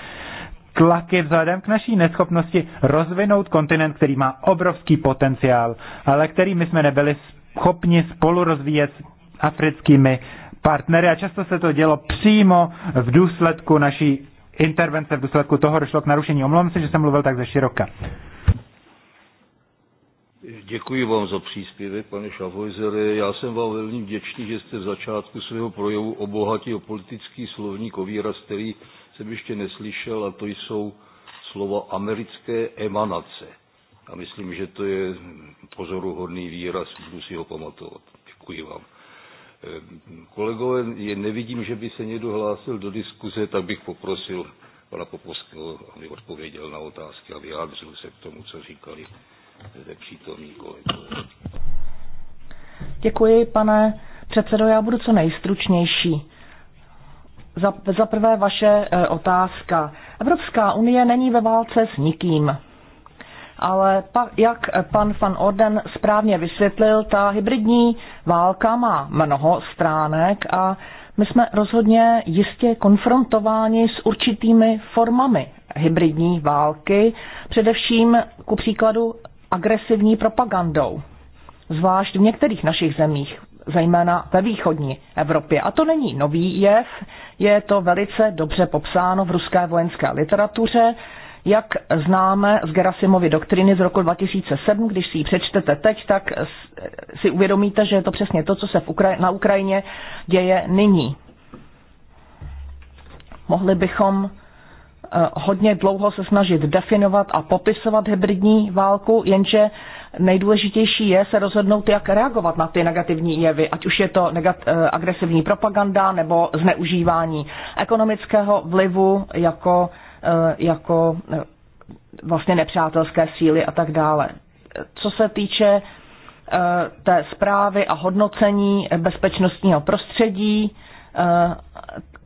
tlaky vzhledem k naší neschopnosti rozvinout kontinent, který má obrovský potenciál, ale který my jsme nebyli schopni spolu rozvíjet s africkými partnery a často se to dělo přímo v důsledku naší intervence, v důsledku toho došlo k narušení. Omlouvám se, že jsem mluvil tak ze široka. Děkuji vám za příspěvek, pane Šafojzere. Já jsem vám velmi vděčný, že jste v začátku svého projevu obohatil politický slovník o výraz, který jsem ještě neslyšel, a to jsou slova americké emanace. A myslím, že to je pozoruhodný výraz, budu si ho pamatovat. Děkuji vám. Kolegové, nevidím, že by se někdo hlásil do diskuze, tak bych poprosil pana Popovského, aby odpověděl na otázky a vyjádřil se k tomu, co říkali zde přítomní kolegové. Děkuji, pane předsedo. Já budu co nejstručnější. Za, za prvé vaše e, otázka. Evropská unie není ve válce s nikým. Ale pa, jak pan van Orden správně vysvětlil, ta hybridní válka má mnoho stránek a my jsme rozhodně jistě konfrontováni s určitými formami hybridní války, především ku příkladu agresivní propagandou, zvlášť v některých našich zemích, zejména ve východní Evropě. A to není nový jev, je to velice dobře popsáno v ruské vojenské literatuře, jak známe z Gerasimovy doktriny z roku 2007, když si ji přečtete teď, tak si uvědomíte, že je to přesně to, co se v Ukra- na Ukrajině děje nyní. Mohli bychom Eh, hodně dlouho se snažit definovat a popisovat hybridní válku, jenže nejdůležitější je se rozhodnout, jak reagovat na ty negativní jevy, ať už je to negat- eh, agresivní propaganda nebo zneužívání ekonomického vlivu jako, eh, jako vlastně nepřátelské síly a tak dále. Co se týče té zprávy a hodnocení bezpečnostního prostředí,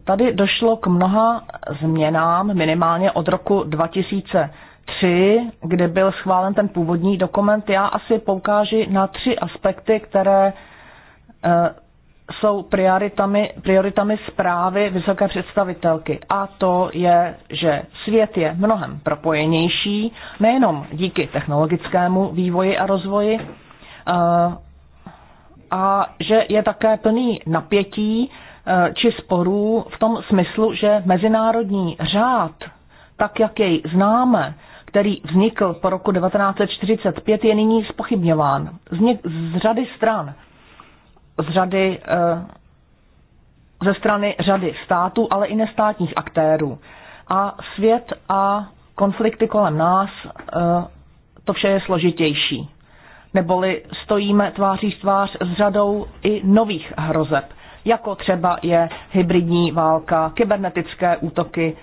Tady došlo k mnoha změnám, minimálně od roku 2003, kdy byl schválen ten původní dokument. Já asi poukáži na tři aspekty, které eh, jsou prioritami, prioritami zprávy vysoké představitelky. A to je, že svět je mnohem propojenější, nejenom díky technologickému vývoji a rozvoji, eh, a že je také plný napětí Eh, či sporů v tom smyslu, že mezinárodní řád, tak jak jej známe, který vznikl po roku 1945, je nyní spochybňován z, něk- z řady stran, z řady, eh, ze strany řady států, ale i nestátních aktérů. A svět a konflikty kolem nás, eh, to vše je složitější. Neboli stojíme tváří v tvář s řadou i nových hrozeb – jako třeba je hybridní válka, kybernetické útoky,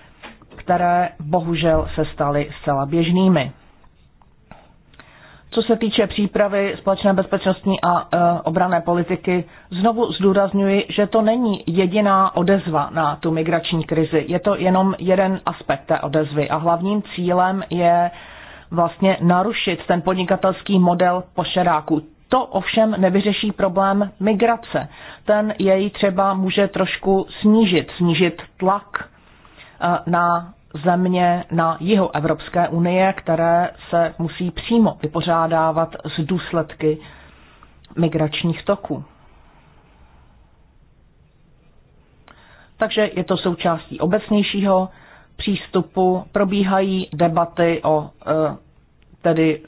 které bohužel se staly zcela běžnými. Co se týče přípravy společné bezpečnostní a e, obrané politiky, znovu zdůrazňuji, že to není jediná odezva na tu migrační krizi. Je to jenom jeden aspekt té odezvy a hlavním cílem je vlastně narušit ten podnikatelský model pošeráků. To ovšem nevyřeší problém migrace. Ten jej třeba může trošku snížit, snížit tlak eh, na země na jihu Evropské unie, které se musí přímo vypořádávat s důsledky migračních toků. Takže je to součástí obecnějšího přístupu. Probíhají debaty o eh, tedy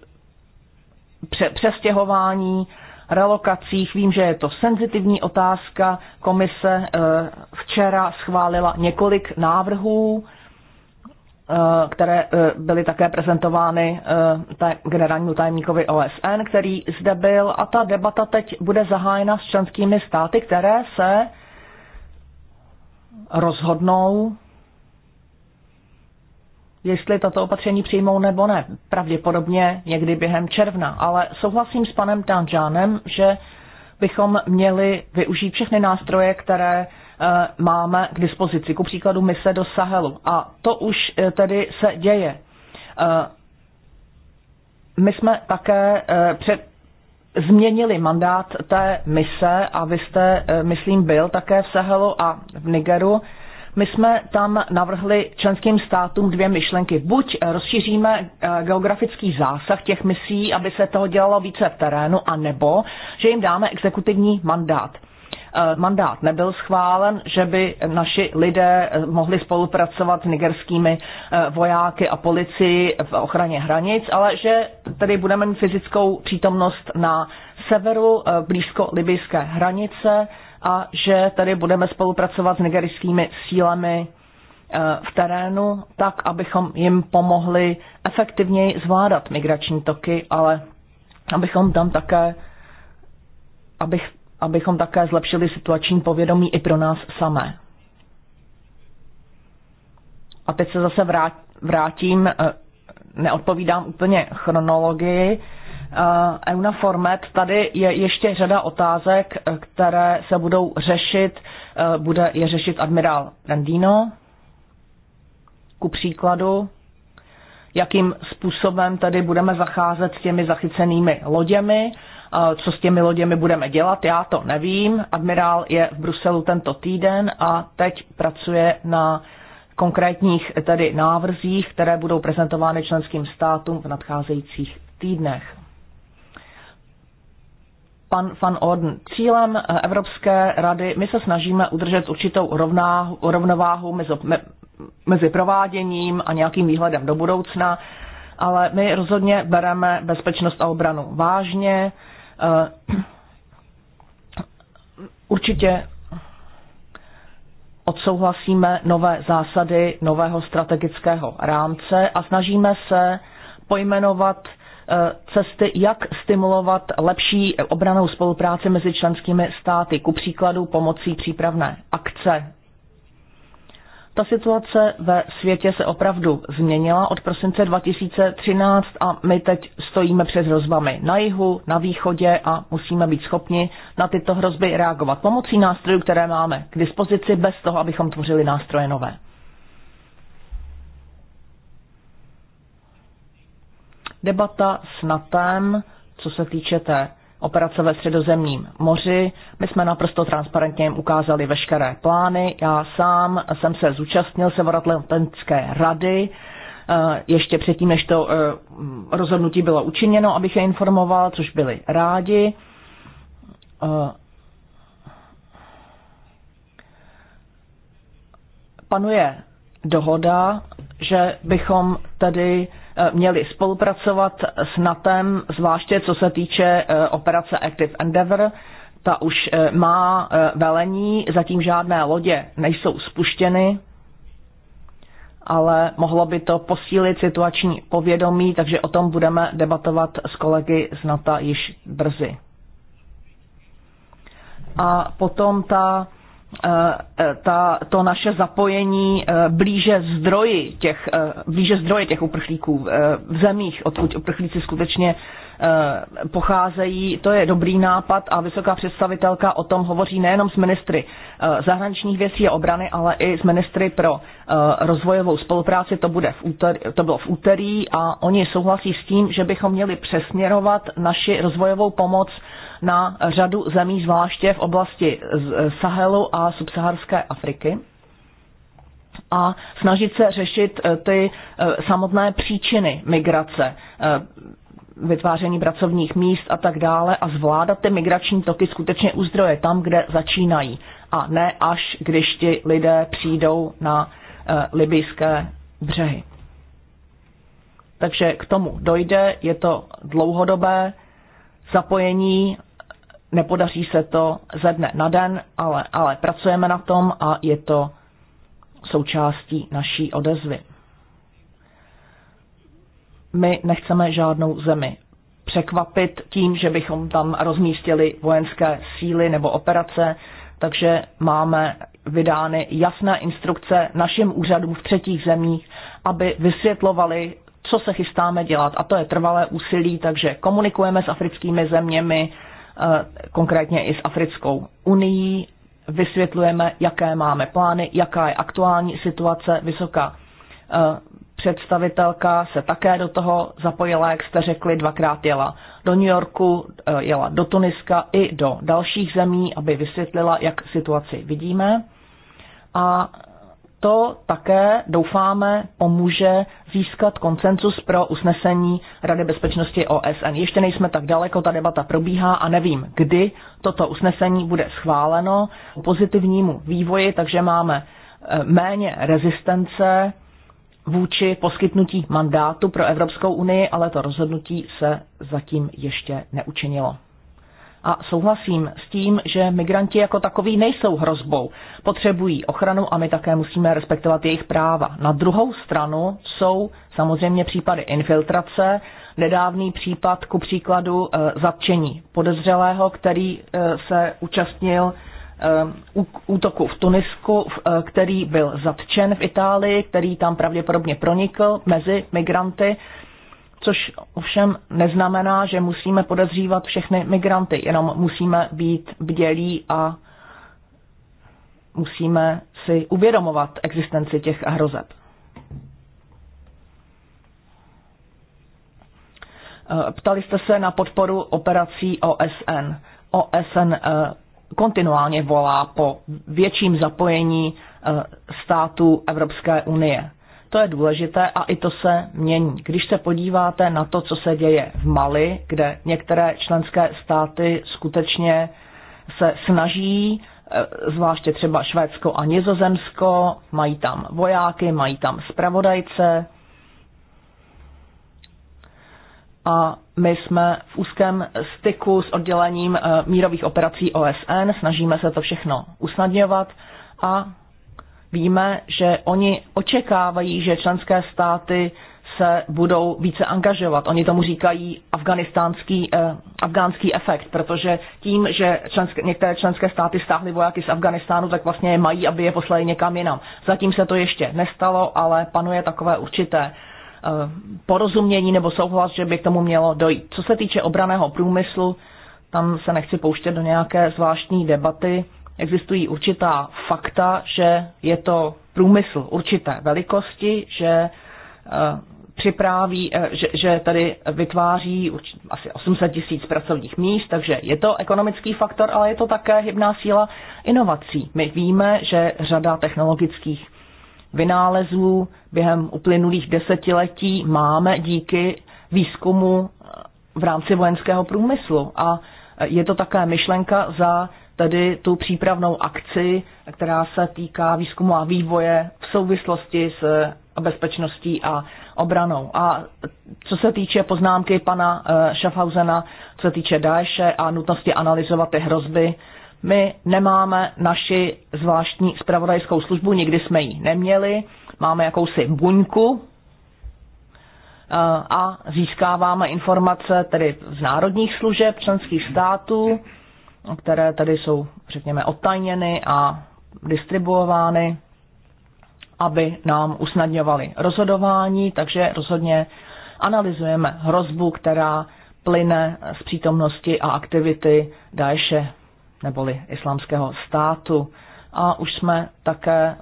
přestěhování, relokacích. Vím, že je to senzitivní otázka. Komise eh, včera schválila několik návrhů, eh, které eh, byly také prezentovány generálnímu tajemníkovi OSN, který zde byl. A ta debata teď bude zahájena s členskými státy, které se rozhodnou jestli tato opatření přijmou nebo ne. Pravděpodobně někdy během června. Ale souhlasím s panem Tanžánem, že bychom měli využít všechny nástroje, které eh, máme k dispozici. Ku příkladu mise do Sahelu. A to už eh, tedy se děje. Eh, my jsme také před, změnili mandát té mise a vy jste, myslím, byl také v Sahelu a v Nigeru. My jsme tam navrhli členským státům dvě myšlenky. Buď eh, rozšíříme eh, geografický zásah těch misí, aby se toho dělalo více v terénu, anebo že jim dáme exekutivní mandát eh, mandát nebyl schválen, že by naši lidé mohli spolupracovat s nigerskými vojáky a policii v ochraně hranic, ale že tady budeme mít fyzickou přítomnost na severu blízko libijské hranice a že tady budeme spolupracovat s nigerijskými sílami eh, v terénu, tak abychom jim pomohli efektivněji zvládat migrační toky, ale abychom tam také, abych, abychom také zlepšili situační povědomí i pro nás samé. A teď se zase vrátím, eh, neodpovídám úplně chronologii, Eh, EUNAFORMET, tady je ještě řada otázek, eh, které se budou řešit, eh, bude je řešit admirál Brandino, ku příkladu, jakým způsobem tady budeme zacházet s těmi zachycenými loděmi, co s těmi loděmi budeme dělat, já to nevím. Admirál je v Bruselu tento týden a teď pracuje na konkrétních tedy návrzích, které budou prezentovány členským státům v nadcházejících týdnech pan Van Orden. Cílem eh, Evropské rady, my se snažíme udržet určitou rovná, rovnováhu mezi, me, mezi prováděním a nějakým výhledem do budoucna, ale my rozhodně bereme bezpečnost a obranu vážně. Eh, určitě odsouhlasíme nové zásady nového strategického rámce a snažíme se pojmenovat Eh, cesty, jak stimulovat lepší obranou spolupráci mezi členskými státy, ku příkladu pomocí přípravné akce. Ta situace ve světě se opravdu změnila od prosince 2013 a my teď stojíme před hrozbami na jihu, na východě a musíme být schopni na tyto hrozby reagovat pomocí nástrojů, které máme k dispozici, bez toho, abychom tvořili nástroje nové. Debata s NATEM, co se týče té operace ve středozemním moři. My jsme naprosto transparentně jim ukázali veškeré plány. Já sám jsem se zúčastnil Severoatlantické rady, eh, ještě předtím, než to eh, rozhodnutí bylo učiněno, abych je informoval, což byli rádi. Eh, panuje dohoda, že bychom tedy Eh, měli spolupracovat s NATEM, zvláště co se týče eh, operace Active Endeavour. Ta už eh, má velení, zatím žádné lodě nejsou spuštěny, ale mohlo by to posílit situační povědomí, takže o tom budeme debatovat s kolegy z NATO již brzy. A potom ta Eh, eh, ta, to naše zapojení eh, blíže zdroji těch, blíže zdroje těch uprchlíků v zemích, odkud uprchlíci skutečně pocházejí, to je dobrý nápad a vysoká představitelka o tom hovoří nejenom s ministry zahraničních věcí a obrany, ale i s ministry pro rozvojovou spolupráci, to, bude v úter, to bylo v úterý a oni souhlasí s tím, že bychom měli přesměrovat naši rozvojovou pomoc na řadu zemí, zvláště v oblasti e, Sahelu a subsaharské Afriky a snažit se řešit e, ty e, samotné příčiny migrace, vytváření pracovních míst a tak dále a zvládat ty migrační toky skutečně u zdroje, tam, kde začínají a ne až, když ti lidé přijdou na libijské břehy. Takže k tomu dojde, je to dlouhodobé zapojení Nepodaří se to ze dne na den, ale, ale pracujeme na tom a je to součástí naší odezvy. My nechceme žádnou zemi překvapit tím, že bychom tam rozmístili vojenské síly nebo operace, takže máme vydány jasné instrukce našim úřadům v třetích zemích, aby vysvětlovali, co se chystáme dělat. A to je trvalé úsilí, takže komunikujeme s africkými zeměmi, Eh, konkrétně i s Africkou unii. Vysvětlujeme, jaké máme plány, jaká je aktuální situace. Vysoká eh, představitelka se také do toho zapojila, jak jste řekli, dvakrát jela do New Yorku, eh, jela do Tuniska i do dalších zemí, aby vysvětlila, jak situaci vidíme. A to také, doufáme, pomůže získat koncensus pro usnesení Rady bezpečnosti OSN. Ještě nejsme tak daleko, ta debata probíhá a nevím, kdy toto usnesení bude schváleno pozitivnímu vývoji, takže máme eh, méně rezistence vůči poskytnutí mandátu pro Evropskou unii, ale to rozhodnutí se zatím ještě neučinilo a souhlasím s tím, že migranti jako takoví nejsou hrozbou. Potřebují ochranu a my také musíme respektovat jejich práva. Na druhou stranu jsou samozřejmě případy infiltrace, nedávný případ ku příkladu eh, zatčení podezřelého, který eh, se účastnil eh, útoku v Tunisku, který byl zatčen v Itálii, který tam pravděpodobně pronikl mezi migranty což ovšem neznamená, že musíme podezřívat všechny migranty, jenom musíme být bdělí a musíme si uvědomovat existenci těch hrozeb. Eh, ptali jste se na podporu operací OSN. OSN eh, kontinuálně volá po větším zapojení eh, států Evropské unie. To je důležité a i to se mění. Když se podíváte na to, co se děje v Mali, kde některé členské státy skutečně se snaží, e, zvláště třeba Švédsko a Nizozemsko, mají tam vojáky, mají tam zpravodajce, a my jsme v úzkém styku s oddělením e, mírových operací OSN, snažíme se to všechno usnadňovat a Víme, že oni očekávají, že členské státy se budou více angažovat. Oni tomu říkají afganistánský, eh, afgánský efekt, protože tím, že členské, některé členské státy stáhly vojáky z Afganistánu, tak vlastně je mají, aby je poslali někam jinam. Zatím se to ještě nestalo, ale panuje takové určité eh, porozumění nebo souhlas, že by k tomu mělo dojít. Co se týče obraného průmyslu, tam se nechci pouštět do nějaké zvláštní debaty existují určitá fakta, že je to průmysl určité velikosti, že eh, připráví, eh, že, že tady vytváří asi 800 tisíc pracovních míst, takže je to ekonomický faktor, ale je to také hybná síla inovací. My víme, že řada technologických vynálezů během uplynulých desetiletí máme díky výzkumu eh, v rámci vojenského průmyslu a je to také myšlenka za tedy tu přípravnou akci, která se týká výzkumu a vývoje v souvislosti s eh, bezpečností a obranou. A co se týče poznámky pana eh, Schaffhausena, co se týče Daeše a nutnosti analyzovat ty hrozby, my nemáme naši zvláštní spravodajskou službu, nikdy jsme ji neměli, máme jakousi buňku eh, a získáváme informace tedy z národních služeb členských států, které tady jsou, řekněme, odtajněny a distribuovány, aby nám usnadňovaly rozhodování, takže rozhodně analyzujeme hrozbu, která plyne z přítomnosti a aktivity Daeše neboli islámského státu. A už jsme také,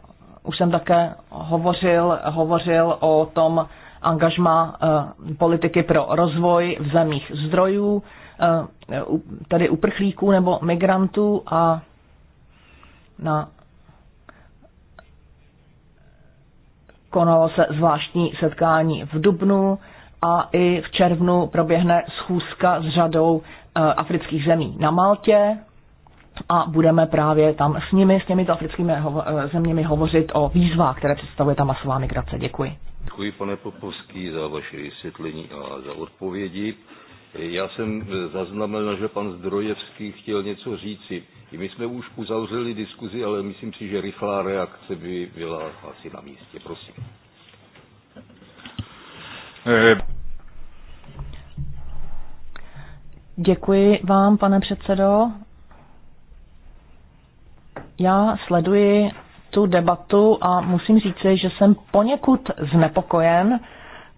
už jsem také hovořil, hovořil o tom angažma eh, politiky pro rozvoj v zemích zdrojů, Eh, tady uprchlíků nebo migrantů a na konalo se zvláštní setkání v Dubnu a i v červnu proběhne schůzka s řadou eh, afrických zemí na Maltě a budeme právě tam s nimi, s těmito africkými eh, zeměmi hovořit o výzvách, které představuje ta masová migrace. Děkuji. Děkuji, pane Popovský, za vaše vysvětlení a za odpovědi. Já jsem eh, zaznamenal, že pan Zdrojevský chtěl něco říci. My jsme už uzavřeli diskuzi, ale myslím si, že rychlá reakce by byla asi na místě. Prosím. Eh. Děkuji vám, pane předsedo. Já sleduji tu debatu a musím říci, že jsem poněkud znepokojen,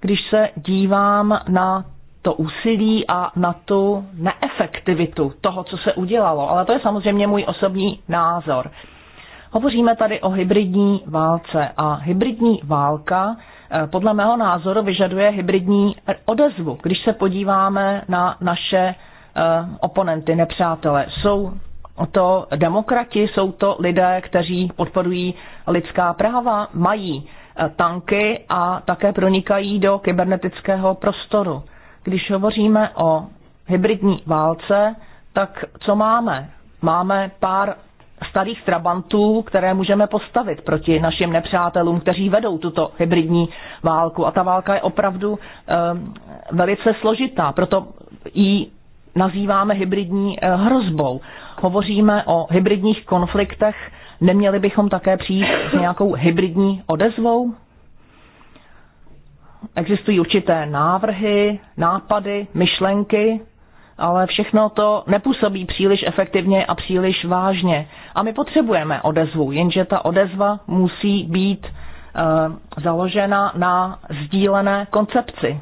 když se dívám na to úsilí a na tu neefektivitu toho, co se udělalo. Ale to je samozřejmě můj osobní názor. Hovoříme tady o hybridní válce a hybridní válka eh, podle mého názoru vyžaduje hybridní odezvu. Když se podíváme na naše eh, oponenty, nepřátelé, jsou to demokrati, jsou to lidé, kteří podporují lidská práva, mají eh, tanky a také pronikají do kybernetického prostoru. Když hovoříme o hybridní válce, tak co máme? Máme pár starých trabantů, které můžeme postavit proti našim nepřátelům, kteří vedou tuto hybridní válku. A ta válka je opravdu eh, velice složitá, proto ji nazýváme hybridní eh, hrozbou. Hovoříme o hybridních konfliktech, neměli bychom také přijít s nějakou hybridní odezvou? existují určité návrhy, nápady, myšlenky, ale všechno to nepůsobí příliš efektivně a příliš vážně. A my potřebujeme odezvu, jenže ta odezva musí být e, založena na sdílené koncepci.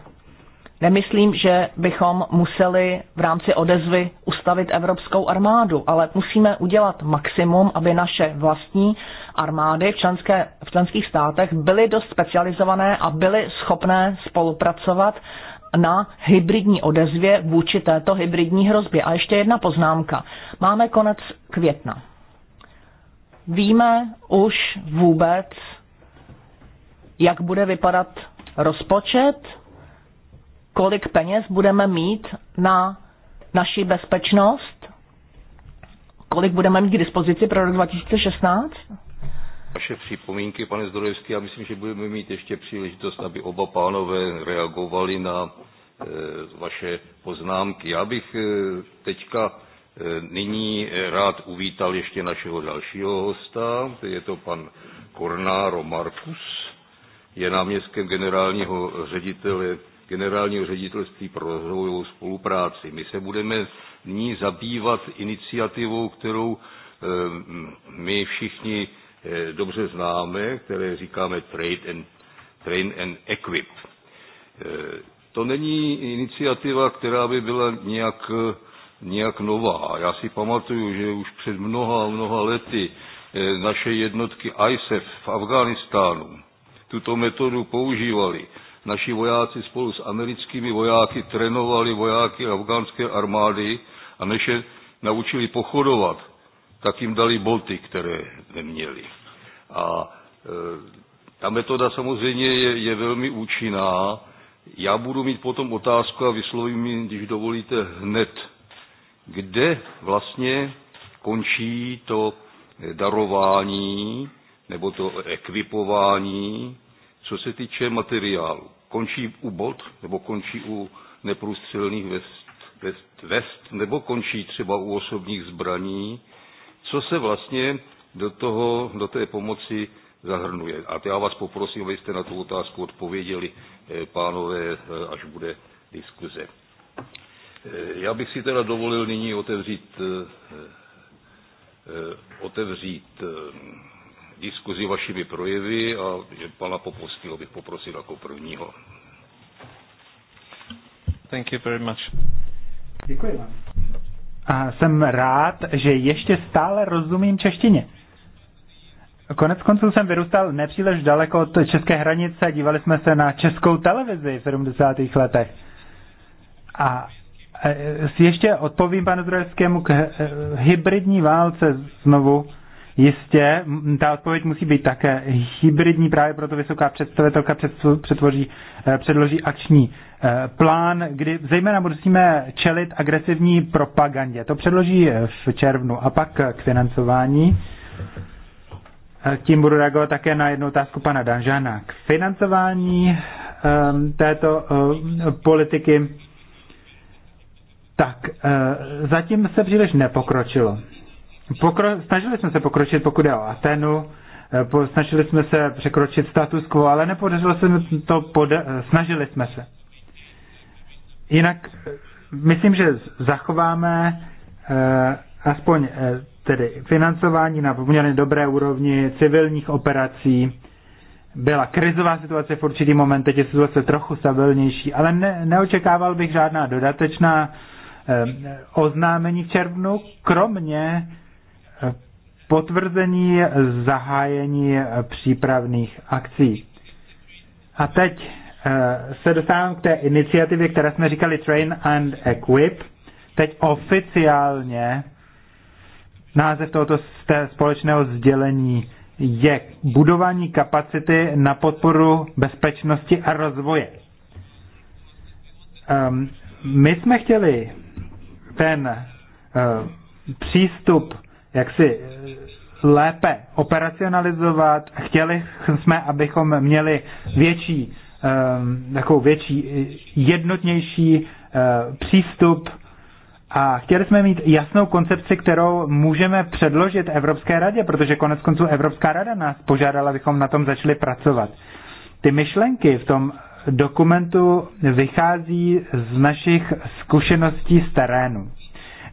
Nemyslím, že bychom museli v rámci odezvy ustavit evropskou armádu, ale musíme udělat maximum, aby naše vlastní armády v, členské, v členských státech byly dost specializované a byly schopné spolupracovat na hybridní odezvě vůči této hybridní hrozbě. A ještě jedna poznámka. Máme konec května. Víme už vůbec, jak bude vypadat rozpočet kolik peněz budeme mít na naši bezpečnost, kolik budeme mít k dispozici pro rok 2016? Vaše připomínky, pane Zdrojevský, já myslím, že budeme mít ještě příležitost, aby oba pánové reagovali na e, vaše poznámky. Já bych e, teďka e, nyní rád uvítal ještě našeho dalšího hosta, je to pan Kornáro Markus, je náměstkem generálního ředitele generálního ředitelství pro rozvojovou spolupráci. My se budeme nyní zabývat iniciativou, kterou eh, my všichni eh, dobře známe, které říkáme Trade and, Train and Equip. Eh, to není iniciativa, která by byla nějak, nějak nová. Já si pamatuju, že už před mnoha, a mnoha lety naše jednotky ISEF v Afghánistánu tuto metodu používali. Naši vojáci spolu s americkými vojáky trénovali vojáky afgánské armády a než je naučili pochodovat, tak jim dali boty, které neměli. A e, ta metoda samozřejmě je, je velmi účinná. Já budu mít potom otázku a vyslovím ji, když dovolíte, hned. Kde vlastně končí to darování nebo to ekvipování co se týče materiálu, končí u bod nebo končí u neprůstřelných vest, vest, vest nebo končí třeba u osobních zbraní, co se vlastně do, toho, do té pomoci zahrnuje. A já vás poprosím, abyste na tu otázku odpověděli, eh, pánové, eh, až bude diskuze. Eh, já bych si teda dovolil nyní otevřít, otevřít diskuzi vašimi projevy a pana Popovského bych poprosil jako prvního. Thank you very much. Děkuji vám. A jsem rád, že ještě stále rozumím češtině. Konec konců jsem vyrůstal nepříliš daleko od české hranice, dívali jsme se na českou televizi v 70. letech. A e, e, ještě odpovím panu Zdrojevskému k e, hybridní válce znovu. Jistě, ta odpověď musí být také hybridní, právě proto vysoká představitelka předtvoří, eh, předloží akční eh, plán, kdy zejména musíme čelit agresivní propagandě. To předloží eh, v červnu a pak k financování. Tím budu reagovat také na jednu otázku pana Danžana. K financování ehm, této politiky tak zatím se příliš nepokročilo. Pokro- snažili jsme se pokročit, pokud je o Atenu, eh, snažili jsme se překročit status quo, ale nepodařilo se to, poda- eh, snažili jsme se. Jinak eh, myslím, že zachováme aspoň tedy financování na poměrně dobré úrovni civilních operací. Byla krizová situace v určitý moment, teď je situace trochu stabilnější, ale ne, neočekával bych žádná dodatečná eh, oznámení v červnu, kromě eh, potvrzení zahájení přípravných akcí. A teď eh, se dostávám k té iniciativě, které jsme říkali Train and Equip. Teď oficiálně název tohoto společného sdělení je budování kapacity na podporu bezpečnosti a rozvoje. Um, my jsme chtěli ten uh, přístup jak si eh, lépe operacionalizovat. Chtěli jsme, abychom měli větší, ehm, takovou větší, eh, jednotnější eh, přístup a chtěli jsme mít jasnou koncepci, kterou můžeme předložit Evropské radě, protože konec konců Evropská rada nás požádala, abychom na tom začali pracovat. Ty myšlenky v tom dokumentu vychází z našich zkušeností z terénu.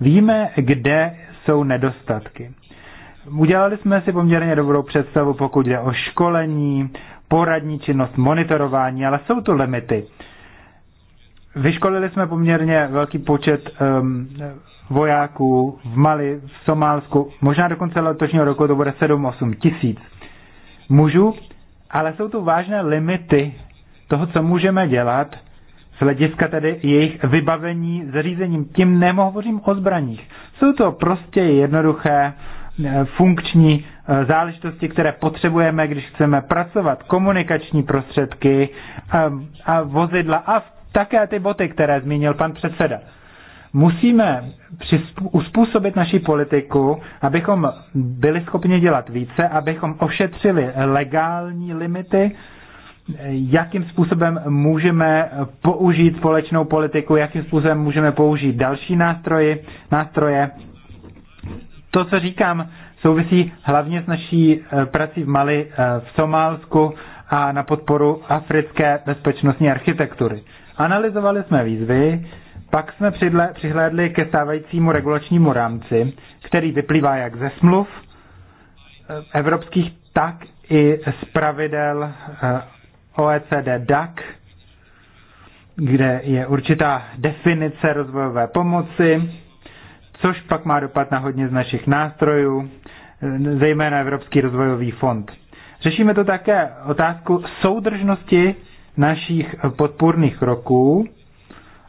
Víme, kde jsou nedostatky. Udělali jsme si poměrně dobrou představu, pokud jde o školení, poradní činnost, monitorování, ale jsou tu limity. Vyškolili jsme poměrně velký počet um, vojáků v Mali, v Somálsku, možná do konce letošního roku to bude 7-8 tisíc mužů, ale jsou tu vážné limity toho, co můžeme dělat z hlediska tedy jejich vybavení zařízením. Tím nehovořím o zbraních. Jsou to prostě jednoduché e, funkční e, záležitosti, které potřebujeme, když chceme pracovat, komunikační prostředky a, e, a vozidla a také ty boty, které zmínil pan předseda. Musíme uspůsobit naši politiku, abychom byli schopni dělat více, abychom ošetřili legální limity, jakým způsobem můžeme použít společnou politiku, jakým způsobem můžeme použít další nástroje, nástroje. To, co říkám, souvisí hlavně s naší eh, prací v Mali, eh, v Somálsku a na podporu africké bezpečnostní architektury. Analyzovali jsme výzvy, pak jsme přihlédli ke stávajícímu regulačnímu rámci, který vyplývá jak ze smluv eh, evropských, tak i z pravidel OECD DAC, kde je určitá definice rozvojové pomoci, což pak má dopad na hodně z našich nástrojů, zejména Evropský rozvojový fond. Řešíme to také otázku soudržnosti našich podpůrných kroků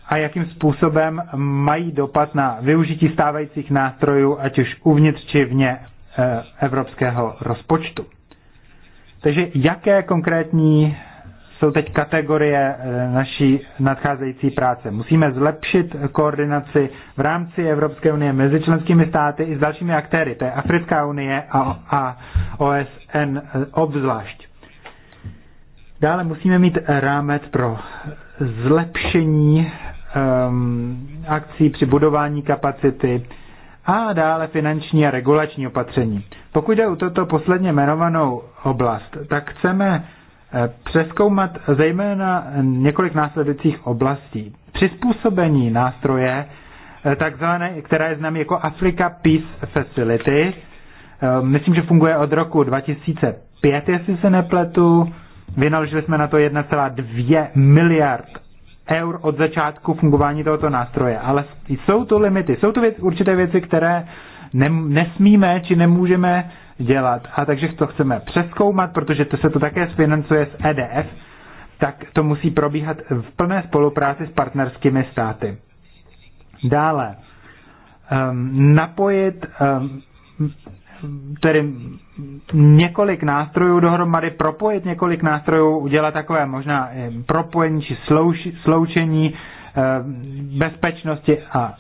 a jakým způsobem mají dopad na využití stávajících nástrojů, ať už uvnitř či vně eh, evropského rozpočtu. Takže jaké konkrétní jsou teď kategorie eh, naší nadcházející práce. Musíme zlepšit koordinaci v rámci Evropské unie mezi členskými státy i s dalšími aktéry, to je Africká unie a, a OSN eh, obzvlášť. Dále musíme mít rámec pro zlepšení um, akcí při budování kapacity a dále finanční a regulační opatření. Pokud jde o toto posledně jmenovanou oblast, tak chceme Eh, přeskoumat zejména několik následujících oblastí. Přizpůsobení nástroje, eh, takzvané, která je známá jako Africa Peace Facility, eh, myslím, že funguje od roku 2005, jestli se nepletu. Vynaložili jsme na to 1,2 miliard eur od začátku fungování tohoto nástroje. Ale jsou tu limity, jsou tu věc, určité věci, které ne, nesmíme či nemůžeme dělat. A takže to chceme přeskoumat, protože to se to také sfinancuje z EDF, tak to musí probíhat v plné spolupráci s partnerskými státy. Dále, um, napojit um, tedy několik nástrojů dohromady, propojit několik nástrojů, udělat takové možná ehm, propojení či slouš, sloučení bezpečnosti a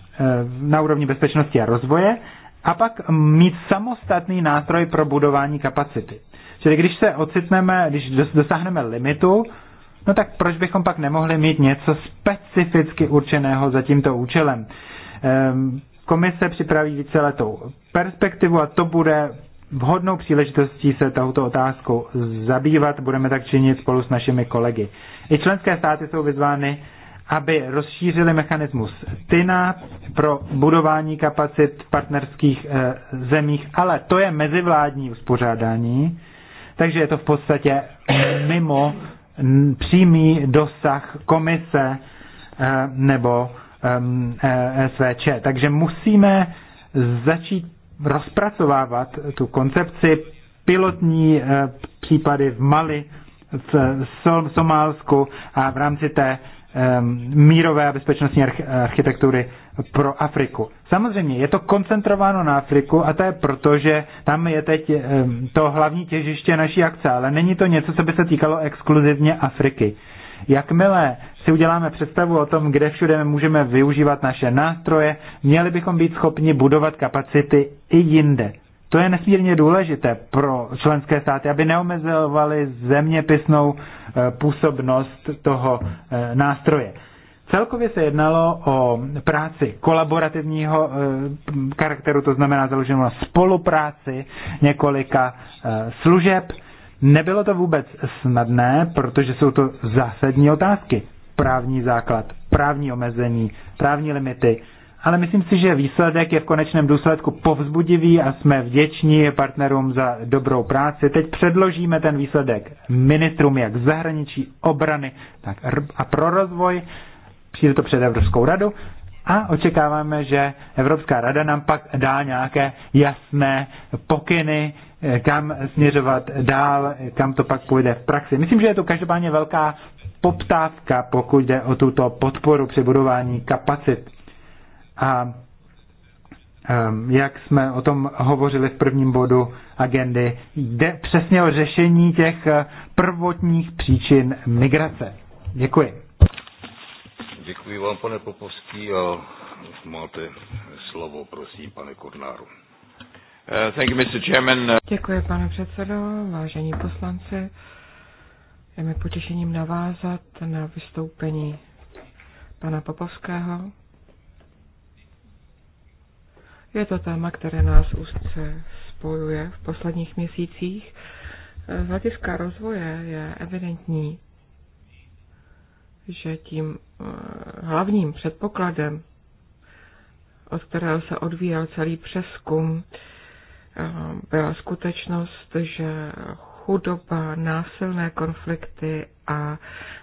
na úrovni bezpečnosti a rozvoje a pak mít samostatný nástroj pro budování kapacity. Čili když se ocitneme, když dosáhneme limitu, no tak proč bychom pak nemohli mít něco specificky určeného za tímto účelem? Ehm, komise připraví víceletou perspektivu a to bude vhodnou příležitostí se touto otázkou zabývat. Budeme tak činit spolu s našimi kolegy. I členské státy jsou vyzvány aby rozšířili mechanismus TINA pro budování kapacit v partnerských e, zemích, ale to je mezivládní uspořádání, takže je to v podstatě mimo přímý dosah komise e, nebo e, eh, SVČ. Takže musíme začít rozpracovávat tu koncepci pilotní e, případy v Mali, v Somálsku a v rámci té Ehm, mírové a bezpečnostní architektury pro Afriku. Samozřejmě je to koncentrováno na Afriku a to je proto, že tam je teď ehm, to hlavní těžiště naší akce, ale není to něco, co by se týkalo exkluzivně Afriky. Jakmile si uděláme představu o tom, kde všude můžeme využívat naše nástroje, měli bychom být schopni budovat kapacity i jinde. To je nesmírně důležité pro členské státy, aby neomezovaly zeměpisnou eh, působnost toho eh, nástroje. Celkově se jednalo o práci kolaborativního eh, charakteru, to znamená založenou na spolupráci několika služeb. Nebylo to vůbec snadné, protože jsou to zásadní otázky. Právní základ, právní omezení, právní limity, ale myslím si, že výsledek je v konečném důsledku povzbudivý a jsme vděční partnerům za dobrou práci. Teď předložíme ten výsledek ministrům jak zahraničí, obrany tak a pro rozvoj. Přijde to před Evropskou radu a očekáváme, že Evropská rada nám pak dá nějaké jasné pokyny, eh, kam směřovat dál, kam to pak půjde v praxi. Myslím, že je to každopádně velká poptávka, pokud jde o tuto podporu při budování kapacit a um, jak jsme o tom hovořili v prvním bodu agendy, jde přesně o řešení těch eh, prvotních příčin migrace. Děkuji. Děkuji vám, pane Popovský, a máte slovo, prosím, pane Kornáru. Eh, thank you, Mr. Chairman. Děkuji, pane předsedo, vážení poslanci. Je mi potěšením navázat na vystoupení pana Popovského. Je to téma, které nás úzce spojuje v posledních měsících. Z hlediska rozvoje je evidentní, že tím eh, hlavním předpokladem, od kterého se odvíjel celý přeskum, eh, byla skutečnost, že chudoba, násilné konflikty a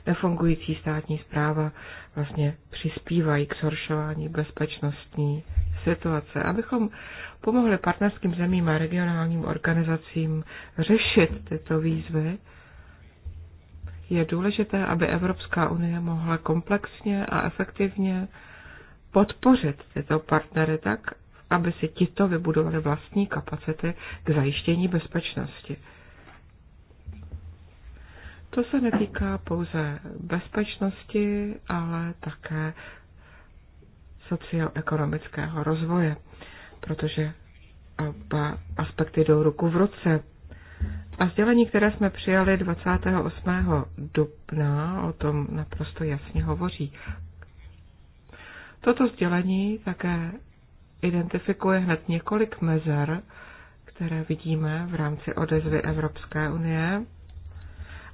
nefungující státní zpráva vlastně přispívají k zhoršování bezpečnostní situace. Abychom pomohli partnerským zemím a regionálním organizacím řešit tyto výzvy, je důležité, aby Evropská unie mohla komplexně a efektivně podpořit tyto partnery tak, aby si tito vybudovali vlastní kapacity k zajištění bezpečnosti. To se netýká pouze bezpečnosti, ale také socioekonomického rozvoje, protože oba aspekty jdou ruku v ruce. A sdělení, které jsme přijali 28. dubna, o tom naprosto jasně hovoří. Toto sdělení také identifikuje hned několik mezer, které vidíme v rámci odezvy Evropské unie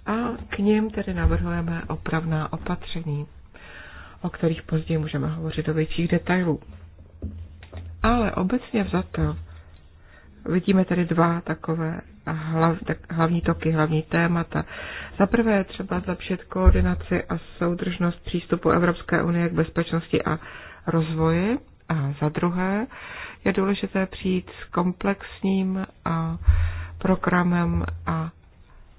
a k ním tedy navrhujeme opravná opatření, o kterých později můžeme hovořit do větších detailů. Ale obecně vzato vidíme tady dva takové hlav, tak hlavní toky, hlavní témata. Za prvé je třeba zlepšit koordinaci a soudržnost přístupu Evropské unie k bezpečnosti a rozvoji. A za druhé je důležité přijít s komplexním programem a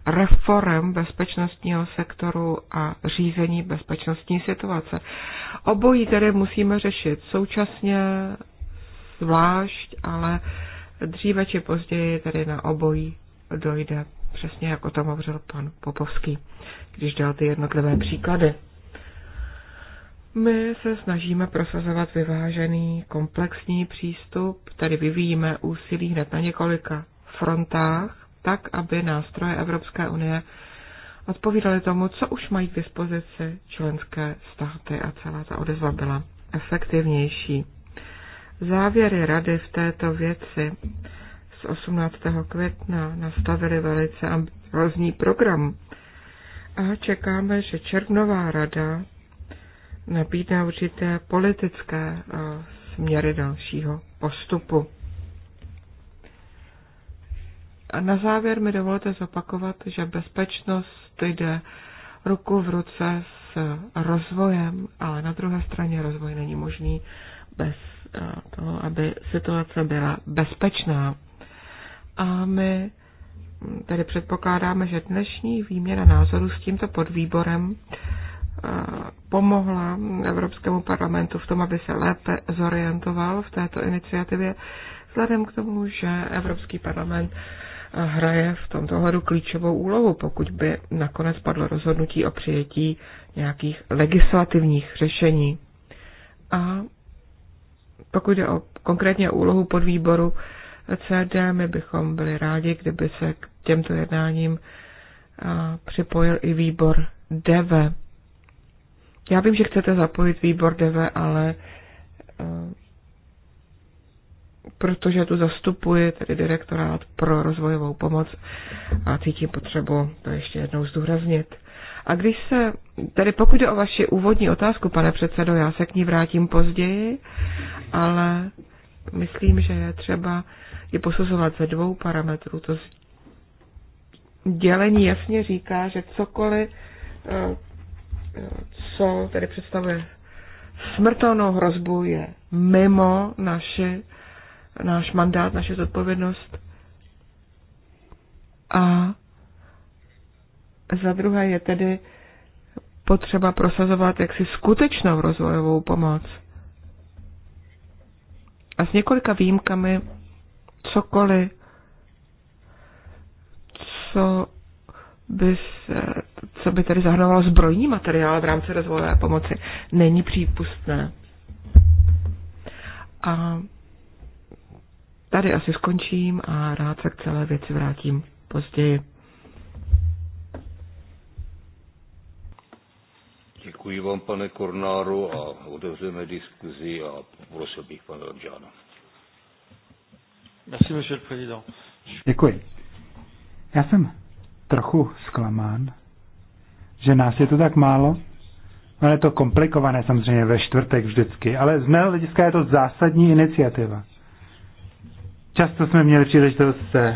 reform bezpečnostního sektoru a řízení bezpečnostní situace. Obojí tedy musíme řešit současně, zvlášť, ale dříve či později tedy na obojí dojde, přesně jak o tom hovořil pan Popovský, když dal ty jednotlivé příklady. My se snažíme prosazovat vyvážený komplexní přístup, tady vyvíjíme úsilí hned na několika frontách, tak, aby nástroje Evropské unie odpovídaly tomu, co už mají k dispozici členské státy a celá ta odezva byla efektivnější. Závěry rady v této věci z 18. května nastavily velice ambiciozní program a čekáme, že červnová rada nabídne určité politické eh, směry dalšího postupu. A na závěr mi dovolte zopakovat, že bezpečnost jde ruku v ruce s rozvojem, ale na druhé straně rozvoj není možný bez eh, toho, aby situace byla bezpečná. A my tedy předpokládáme, že dnešní výměna názorů s tímto podvýborem eh, pomohla Evropskému parlamentu v tom, aby se lépe zorientoval v této iniciativě, vzhledem k tomu, že Evropský parlament hraje v tomto ohledu klíčovou úlohu, pokud by nakonec padlo rozhodnutí o přijetí nějakých legislativních řešení. A pokud jde o konkrétně úlohu podvýboru CD, my bychom byli rádi, kdyby se k těmto jednáním připojil i výbor DV. Já vím, že chcete zapojit výbor DV, ale protože tu zastupuji tedy direktorát pro rozvojovou pomoc a cítím potřebu to ještě jednou zdůraznit. A když se, tedy pokud jde o vaši úvodní otázku, pane předsedo, já se k ní vrátím později, ale myslím, že je třeba je posuzovat ze dvou parametrů. To dělení jasně říká, že cokoliv, eh, co tedy představuje smrtelnou hrozbu, je mimo naši náš mandát, naše zodpovědnost. A za druhé je tedy potřeba prosazovat jaksi skutečnou rozvojovou pomoc. A s několika výjimkami cokoliv, co by, se, co by tedy zahrnovalo zbrojní materiál v rámci rozvojové pomoci, není přípustné. A Tady asi skončím a rád se k celé věci vrátím později. Děkuji vám, pane Kornáru, a otevřeme diskuzi a poprosil bych pana Lamžána. Merci, monsieur le président. Děkuji. Já jsem trochu zklamán, že nás je tu tak málo. No je to komplikované samozřejmě ve čtvrtek vždycky, ale z mého hlediska je to zásadní iniciativa. Často jsme měli příležitost se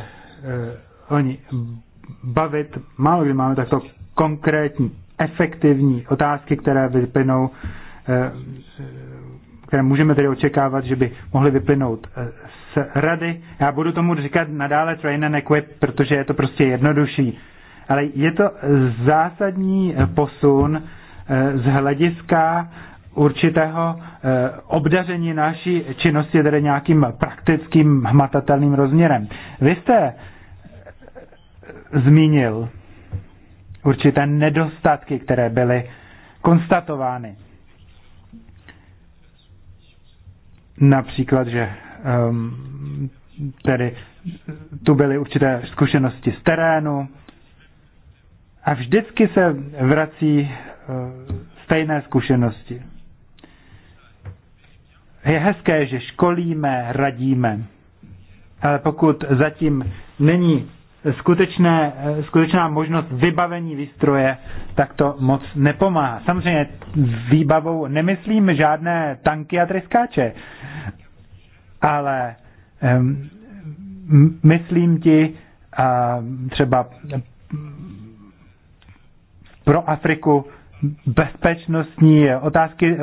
eh, o ní bavit. Málo kdy máme takto konkrétní, efektivní otázky, které vyplynou, eh, eh, které můžeme tedy očekávat, že by mohly vyplynout z rady. Já budu tomu říkat nadále train and equip, protože je to prostě jednodušší. Ale je to zásadní posun z hlediska určitého eh, obdaření naší činnosti tedy nějakým praktickým hmatatelným rozměrem. Vy jste eh, zmínil určité nedostatky, které byly konstatovány. Například, že um, tedy tu byly určité zkušenosti z terénu a vždycky se vrací uh, stejné zkušenosti je hezké, že školíme, radíme, ale pokud zatím není skutečné, skutečná možnost vybavení výstroje, tak to moc nepomáhá. Samozřejmě výbavou nemyslím žádné tanky a tryskáče, ale um, myslím ti uh, třeba pro Afriku bezpečnostní otázky, eh,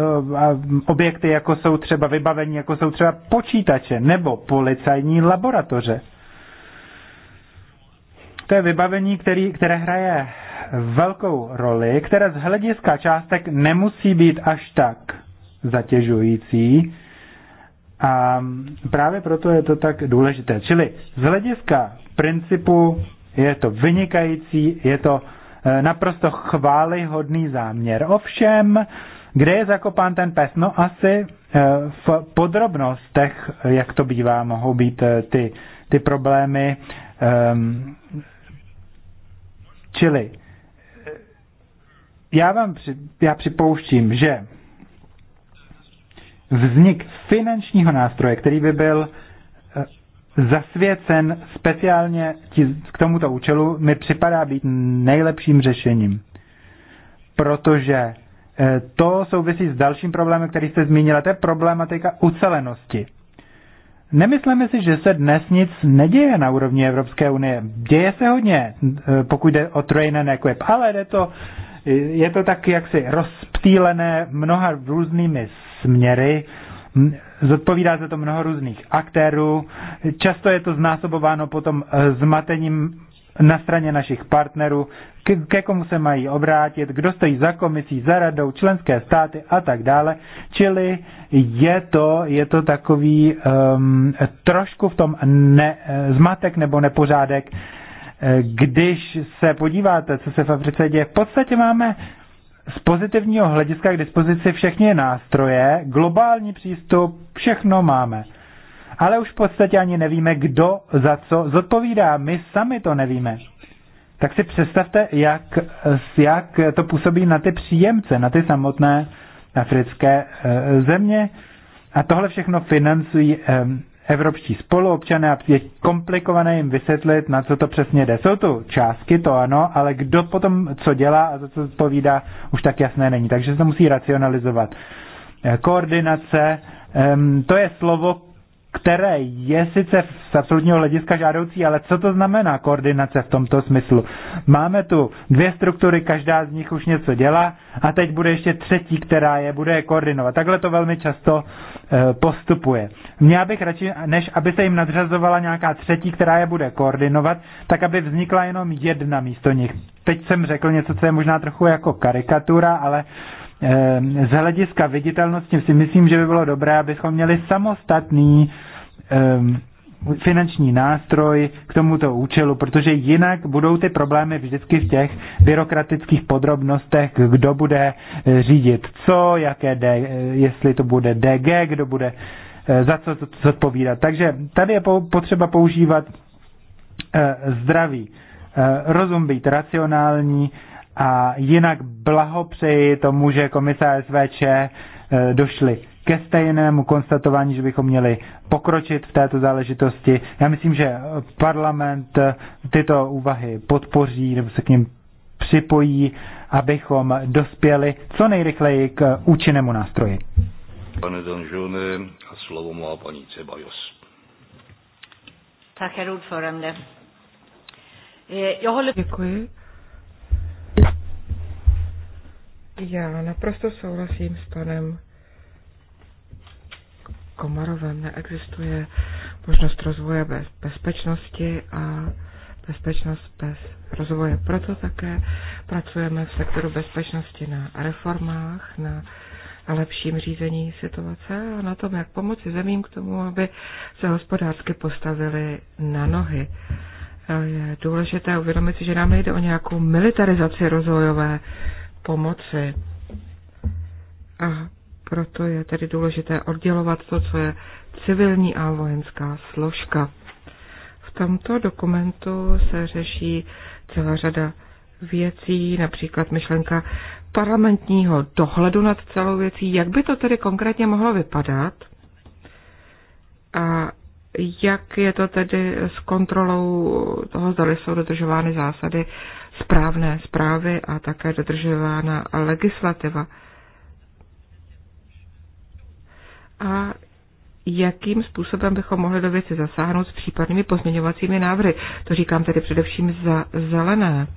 objekty, jako jsou třeba vybavení, jako jsou třeba počítače nebo policajní laboratoře. To je vybavení, který, které hraje velkou roli, které z hlediska částek nemusí být až tak zatěžující. A právě proto je to tak důležité. Čili z hlediska principu je to vynikající, je to Eh, naprosto chválihodný záměr. Ovšem, kde je zakopán ten pes? No asi eh, v podrobnostech, jak to bývá, mohou být eh, ty, ty problémy. Ehm, čili já vám při, já připouštím, že vznik finančního nástroje, který by byl zasvěcen speciálně k tomuto účelu, mi připadá být nejlepším řešením. Protože eh, to souvisí s dalším problémem, který jste zmínila, to je problematika ucelenosti. Nemyslíme si, že se dnes nic neděje na úrovni Evropské unie. Děje se hodně, eh, pokud jde o train and jako equip, ale jde to, je to tak jaksi rozptýlené mnoha různými směry zodpovídá se to mnoho různých aktérů, často je to znásobováno potom eh, zmatením na straně našich partnerů, ke, ke komu se mají obrátit, kdo stojí za komisí, za radou, členské státy a tak dále. Čili je to, je to takový um, trošku v tom ne, eh, zmatek nebo nepořádek, eh, když se podíváte, co se v Africe děje, v podstatě máme z pozitivního hlediska k dispozici všechny nástroje, globální přístup, všechno máme. Ale už v podstatě ani nevíme, kdo za co zodpovídá. My sami to nevíme. Tak si představte, jak, jak to působí na ty příjemce, na ty samotné africké eh, země. A tohle všechno financují eh, evropští spoluobčané a je komplikované jim vysvětlit, na co to přesně jde. Jsou tu částky, to ano, ale kdo potom co dělá a za co odpovídá, už tak jasné není. Takže se to musí racionalizovat. Eh, koordinace, ehm, to je slovo, které je sice z absolutního hlediska žádoucí, ale co to znamená koordinace v tomto smyslu? Máme tu dvě struktury, každá z nich už něco dělá a teď bude ještě třetí, která je bude je koordinovat. Takhle to velmi často eh, postupuje. Měl bych radši, než aby se jim nadřazovala nějaká třetí, která je bude koordinovat, tak aby vznikla jenom jedna místo nich. Teď jsem řekl něco, co je možná trochu jako karikatura, ale Ehm, z hlediska viditelnosti si myslím, že by bylo dobré, abychom měli samostatný ehm, finanční nástroj k tomuto účelu, protože jinak budou ty problémy vždycky v těch byrokratických podrobnostech, kdo bude eh, řídit co, jaké D, eh, jestli to bude DG, kdo bude eh, za co zodpovídat. Takže tady je potřeba používat zdraví, rozum, být racionální, a jinak blahopřeji tomu, že komise SVČ eh, došly ke stejnému konstatování, že bychom měli pokročit v této záležitosti. Já myslím, že parlament eh, tyto úvahy podpoří nebo se k ním připojí, abychom dospěli co nejrychleji k účinnému nástroji. Pane Danžone, a slovo má paní Cebajos. Tak, Děkuji. Já naprosto souhlasím s panem Komarovem. Neexistuje možnost rozvoje bez bezpečnosti a bezpečnost bez rozvoje. Proto také pracujeme v sektoru bezpečnosti na reformách, na lepším řízení situace a na tom, jak pomoci zemím k tomu, aby se hospodářsky postavili na nohy. Je důležité uvědomit si, že nám nejde o nějakou militarizaci rozvojové pomoci. A proto je tedy důležité oddělovat to, co je civilní a vojenská složka. V tomto dokumentu se řeší celá řada věcí, například myšlenka parlamentního dohledu nad celou věcí, jak by to tedy konkrétně mohlo vypadat a jak je to tedy s kontrolou toho, zda jsou dodržovány zásady správné zprávy a také dodržována legislativa. A jakým způsobem bychom mohli do věci zasáhnout s případnými pozměňovacími návrhy. To říkám tedy především za zelené.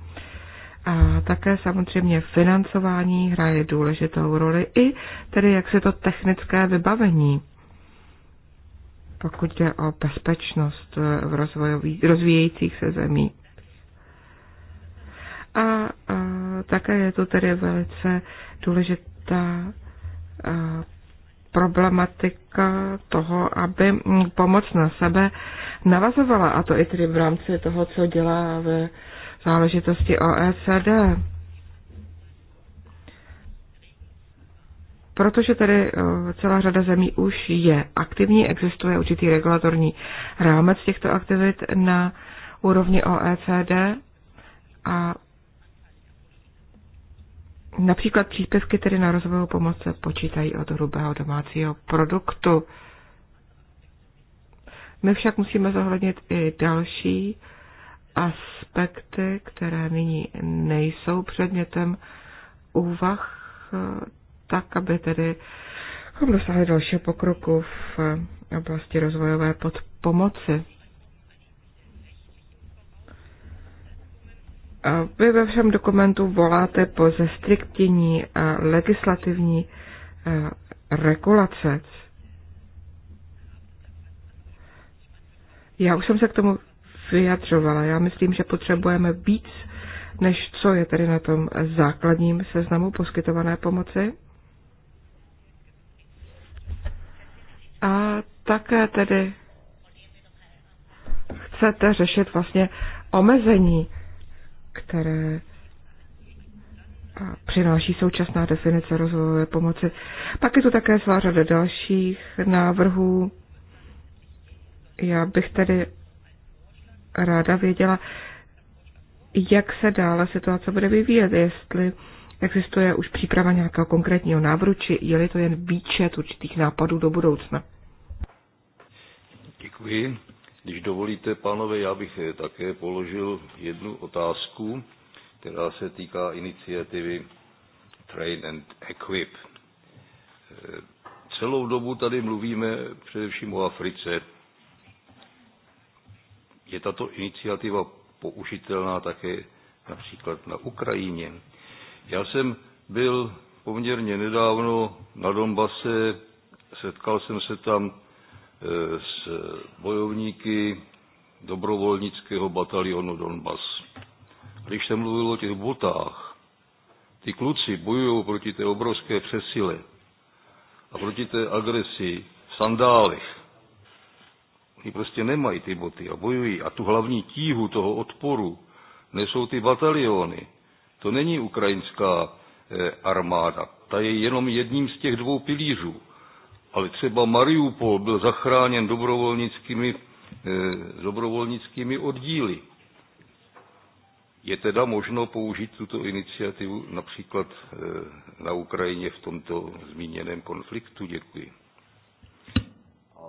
A také samozřejmě financování hraje důležitou roli i tedy jak se to technické vybavení, pokud jde o bezpečnost v rozvíjejících se zemích. A, a také je to tedy velice důležitá a, problematika toho, aby pomoc na sebe navazovala, a to i tedy v rámci toho, co dělá v záležitosti OECD. Protože tedy celá řada zemí už je aktivní, existuje určitý regulatorní rámec těchto aktivit na úrovni OECD a Například příspěvky tedy na rozvojovou pomoc se počítají od hrubého domácího produktu. My však musíme zohlednit i další aspekty, které nyní nejsou předmětem úvah, tak aby tedy dosáhli dalšího pokroku v oblasti rozvojové podpomoci. Vy ve všem dokumentu voláte po zestriktění legislativní e, regulace. Já už jsem se k tomu vyjadřovala. Já myslím, že potřebujeme víc, než co je tedy na tom základním seznamu poskytované pomoci. A také tedy chcete řešit vlastně omezení které přináší současná definice rozvojové pomoci. Pak je tu také celá řada dalších návrhů. Já bych tedy ráda věděla, jak se dále situace bude vyvíjet, jestli existuje už příprava nějakého konkrétního návrhu, či je-li to jen výčet určitých nápadů do budoucna. Děkuji. Když dovolíte, pánové, já bych eh, také položil jednu otázku, která se týká iniciativy Train and Equip. Eh, celou dobu tady mluvíme především o Africe. Je tato iniciativa použitelná také například na Ukrajině. Já jsem byl poměrně nedávno na Donbase, setkal jsem se tam Eh, s bojovníky dobrovolnického batalionu Donbas. Když se mluvil o těch botách, ty kluci bojují proti té obrovské přesile a proti té agresi v sandálech. Oni prostě nemají ty boty a bojují. A tu hlavní tíhu toho odporu nesou ty bataliony. To není ukrajinská eh, armáda. Ta je jenom jedním z těch dvou pilířů ale třeba Mariupol byl zachráněn dobrovolnickými, eh, dobrovolnickými oddíly. Je teda možno použít tuto iniciativu například eh, na Ukrajině v tomto zmíněném konfliktu? Děkuji. Eh,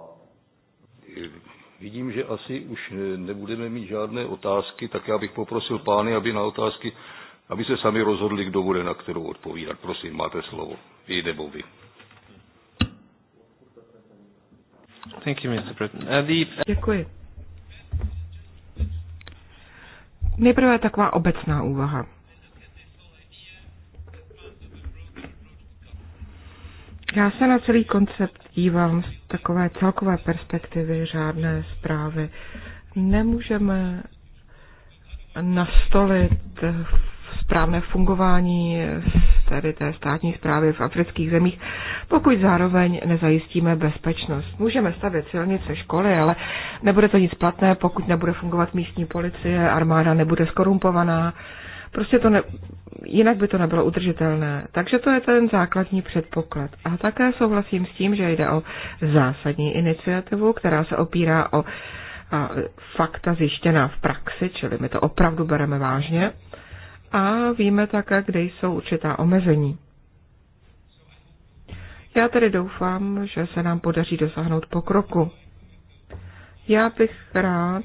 vidím, že asi už nebudeme mít žádné otázky, tak já bych poprosil pány, aby na otázky, aby se sami rozhodli, kdo bude na kterou odpovídat. Prosím, máte slovo. Vy nebo vy. Thank you, Mr. Uh, uh, Děkuji. Nejprve taková obecná úvaha. Já se na celý koncept dívám z takové celkové perspektivy řádné zprávy. Nemůžeme nastolit správné fungování tedy té státní zprávy v afrických zemích, pokud zároveň nezajistíme bezpečnost. Můžeme stavět silnice, školy, ale nebude to nic platné, pokud nebude fungovat místní policie, armáda nebude skorumpovaná. Prostě to ne, jinak by to nebylo udržitelné. Takže to je ten základní předpoklad. A také souhlasím s tím, že jde o zásadní iniciativu, která se opírá o a fakta zjištěná v praxi, čili my to opravdu bereme vážně a víme také, kde jsou určitá omezení. Já tedy doufám, že se nám podaří dosáhnout pokroku. Já bych rád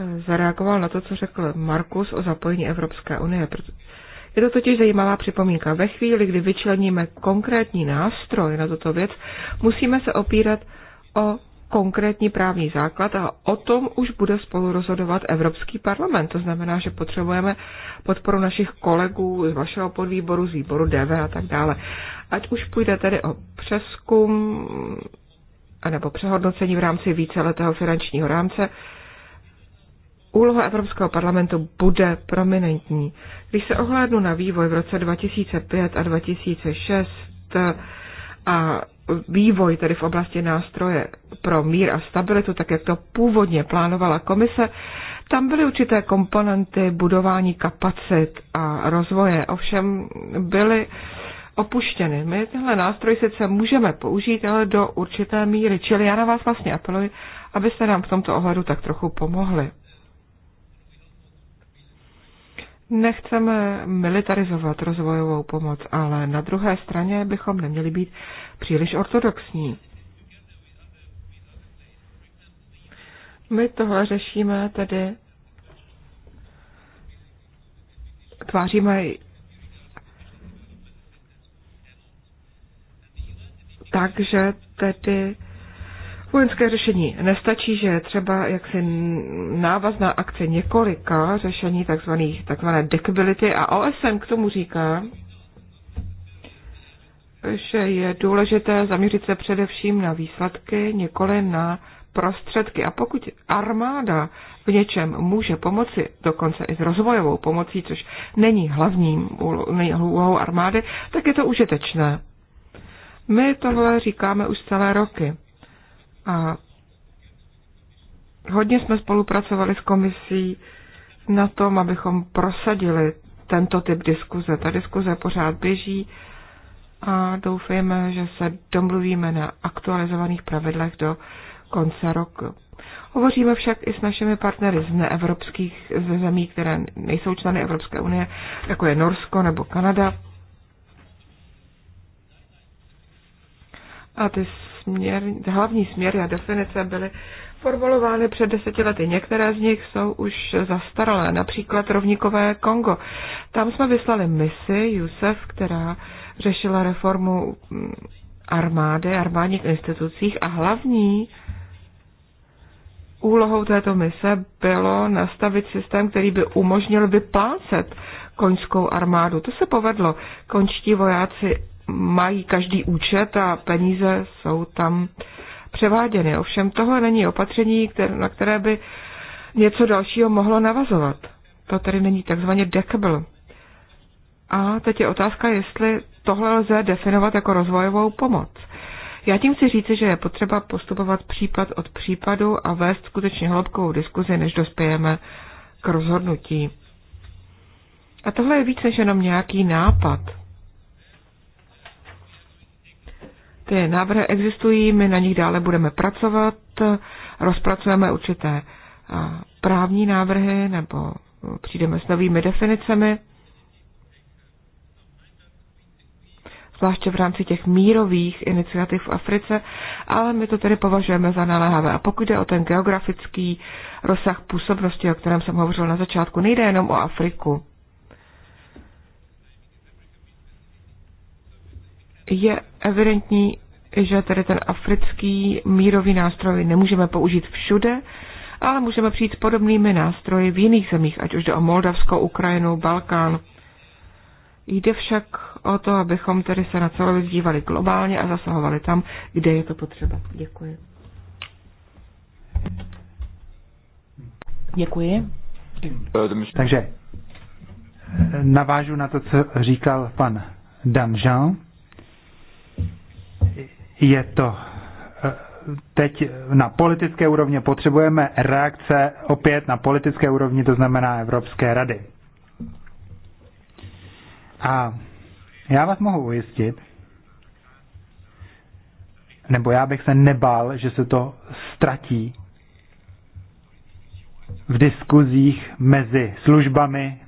eh, zareagoval na to, co řekl Markus o zapojení Evropské unie. Je to totiž zajímavá připomínka. Ve chvíli, kdy vyčleníme konkrétní nástroj na toto věc, musíme se opírat o konkrétní právní základ a o tom už bude spolu rozhodovat Evropský parlament. To znamená, že potřebujeme podporu našich kolegů z vašeho podvýboru, z výboru DV a tak dále. Ať už půjde tedy o přeskum anebo přehodnocení v rámci víceletého finančního rámce, Úloha Evropského parlamentu bude prominentní. Když se ohlédnu na vývoj v roce 2005 a 2006 a vývoj tedy v oblasti nástroje pro mír a stabilitu, tak jak to původně plánovala komise, tam byly určité komponenty budování kapacit a rozvoje, ovšem byly opuštěny. My tenhle nástroj sice můžeme použít, ale do určité míry. Čili já na vás vlastně apeluji, abyste nám v tomto ohledu tak trochu pomohli. Nechceme militarizovat rozvojovou pomoc, ale na druhé straně bychom neměli být příliš ortodoxní. My tohle řešíme tedy, tváříme takže tedy Vojenské řešení nestačí, že je třeba jaksi návazná akce několika řešení takzvaných, takzvané dekability a OSN k tomu říká, že je důležité zaměřit se především na výsledky, nikoli na prostředky. A pokud armáda v něčem může pomoci, dokonce i s rozvojovou pomocí, což není hlavním úlohou armády, tak je to užitečné. My tohle říkáme už celé roky. A hodně jsme spolupracovali s komisí na tom, abychom prosadili tento typ diskuze. Ta diskuze pořád běží a doufejme, že se domluvíme na aktualizovaných pravidlech do konce roku. Hovoříme však i s našimi partnery z neevropských ze zemí, které nejsou členy Evropské unie, jako je Norsko nebo Kanada. A ty směr, hlavní směry a definice byly formulovány před deseti lety. Některé z nich jsou už zastaralé, například rovníkové Kongo. Tam jsme vyslali misi Jusef, která řešila reformu mm, armády, armádních institucích a hlavní úlohou této mise bylo nastavit systém, který by umožnil vyplácet koňskou armádu. To se povedlo. Končtí vojáci mají každý účet a peníze jsou tam převáděny. Ovšem tohle není opatření, které, na které by něco dalšího mohlo navazovat. To tedy není takzvaně deckable. A teď je otázka, jestli tohle lze definovat jako rozvojovou pomoc. Já tím chci říci, že je potřeba postupovat případ od případu a vést skutečně hloubkovou diskuzi, než dospějeme k rozhodnutí. A tohle je víc než jenom nějaký nápad. Ty návrhy existují, my na nich dále budeme pracovat, rozpracujeme určité právní návrhy nebo e, přijdeme s novými definicemi. zvláště v rámci těch mírových iniciativ v Africe, ale my to tedy považujeme za naléhavé. A pokud jde o ten geografický rozsah působnosti, o kterém jsem hovořil na začátku, nejde jenom o Afriku. Je evidentní, že tedy ten africký mírový nástroj nemůžeme použít všude, ale můžeme přijít s podobnými nástroji v jiných zemích, ať už jde o Moldavsko, Ukrajinu, Balkán. Jde však o to, abychom tedy se na celou věc dívali globálně a zasahovali tam, kde je to potřeba. Děkuji. Děkuji. Takže navážu na to, co říkal pan Danjean je to eh, teď na politické úrovně potřebujeme reakce opět na politické úrovni, to znamená Evropské rady. A já vás mohu ujistit, nebo já bych se nebál, že se to ztratí v diskuzích mezi službami,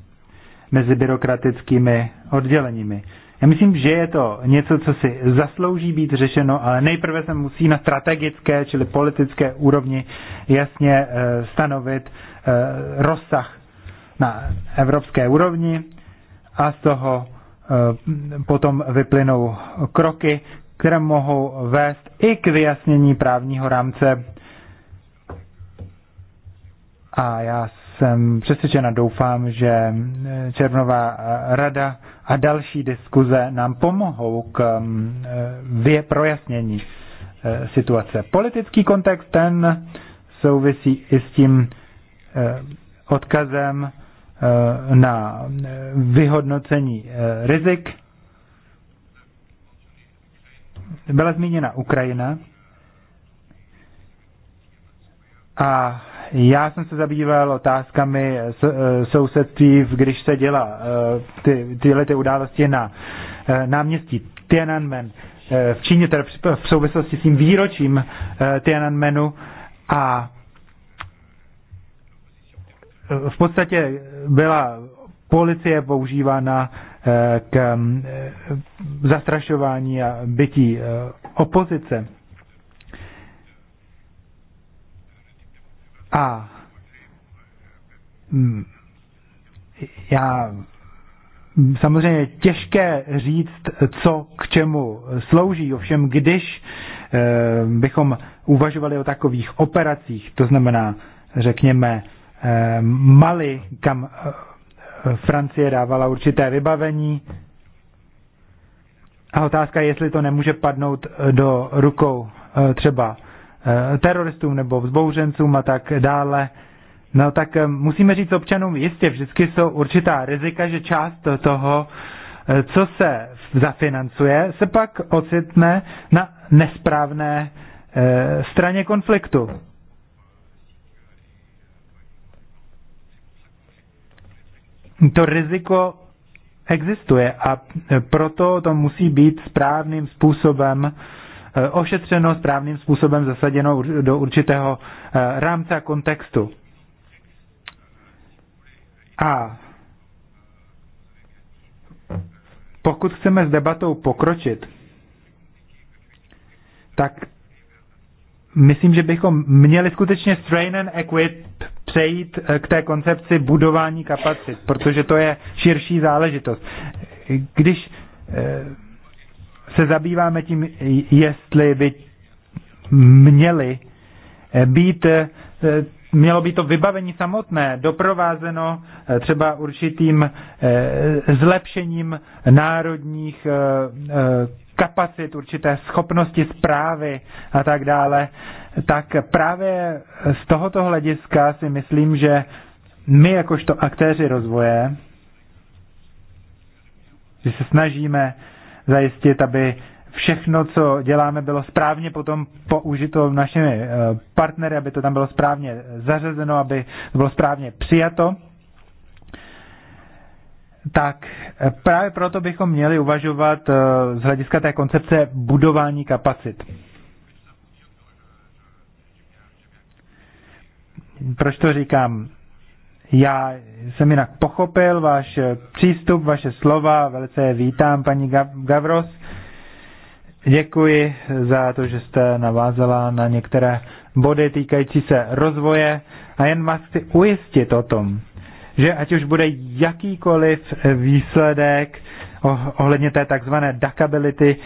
mezi byrokratickými odděleními. Já myslím, že je to něco, co si zaslouží být řešeno, ale nejprve se musí na strategické, čili politické úrovni jasně eh, stanovit eh, rozsah na evropské úrovni a z toho eh, potom vyplynou kroky, které mohou vést i k vyjasnění právního rámce. A já jsem přesvědčena, doufám, že Červnová rada a další diskuze nám pomohou k mm, eh, projasnění eh, situace. Politický kontext ten souvisí i s tím eh, odkazem na vyhodnocení rizik. Byla zmíněna Ukrajina a já jsem se zabýval otázkami eh, eh, sousedství, když se dělá eh, ty, tyhle ty události na náměstí Tiananmen v Číně, tedy v souvislosti s tím výročím Tiananmenu a v podstatě byla policie používána k zastrašování a bytí opozice. A hmm, já samozřejmě těžké říct, co k čemu slouží, ovšem když eh, bychom uvažovali o takových operacích, to znamená, řekněme, eh, Mali, kam eh, Francie dávala určité vybavení, a otázka je, jestli to nemůže padnout do rukou třeba Eh, teroristům nebo vzbouřencům a tak dále. No tak eh, musíme říct občanům, jistě vždycky jsou určitá rizika, že část toho, eh, co se zafinancuje, se pak ocitne na nesprávné straně konfliktu. To riziko existuje a proto to musí být správným způsobem Eh, ošetřeno správným způsobem zasaděno do určitého eh, rámce a kontextu. A pokud chceme s debatou pokročit, tak myslím, že bychom měli skutečně strain and equip přejít eh, k té koncepci budování kapacit, protože to je širší záležitost. Když se zabýváme tím, jestli by měli eh, být, eh, mělo být to vybavení samotné doprovázeno eh, třeba určitým zlepšením národních kapacit, určité schopnosti zprávy a tak dále, tak právě z tohoto hlediska si myslím, že my jakožto aktéři rozvoje, že se snažíme zajistit, aby všechno, co děláme, bylo správně potom použito našimi eh, partnery, aby to tam bylo správně zařazeno, aby to bylo správně přijato. Tak eh, právě proto bychom měli uvažovat eh, z hlediska té koncepce budování kapacit. Proč to říkám? Já jsem jinak pochopil váš přístup, vaše slova, velice je vítám, paní Gavros. Děkuji za to, že jste navázala na některé body týkající se rozvoje a jen vás chci ujistit o tom, že ať už bude jakýkoliv výsledek ohledně té takzvané dakability,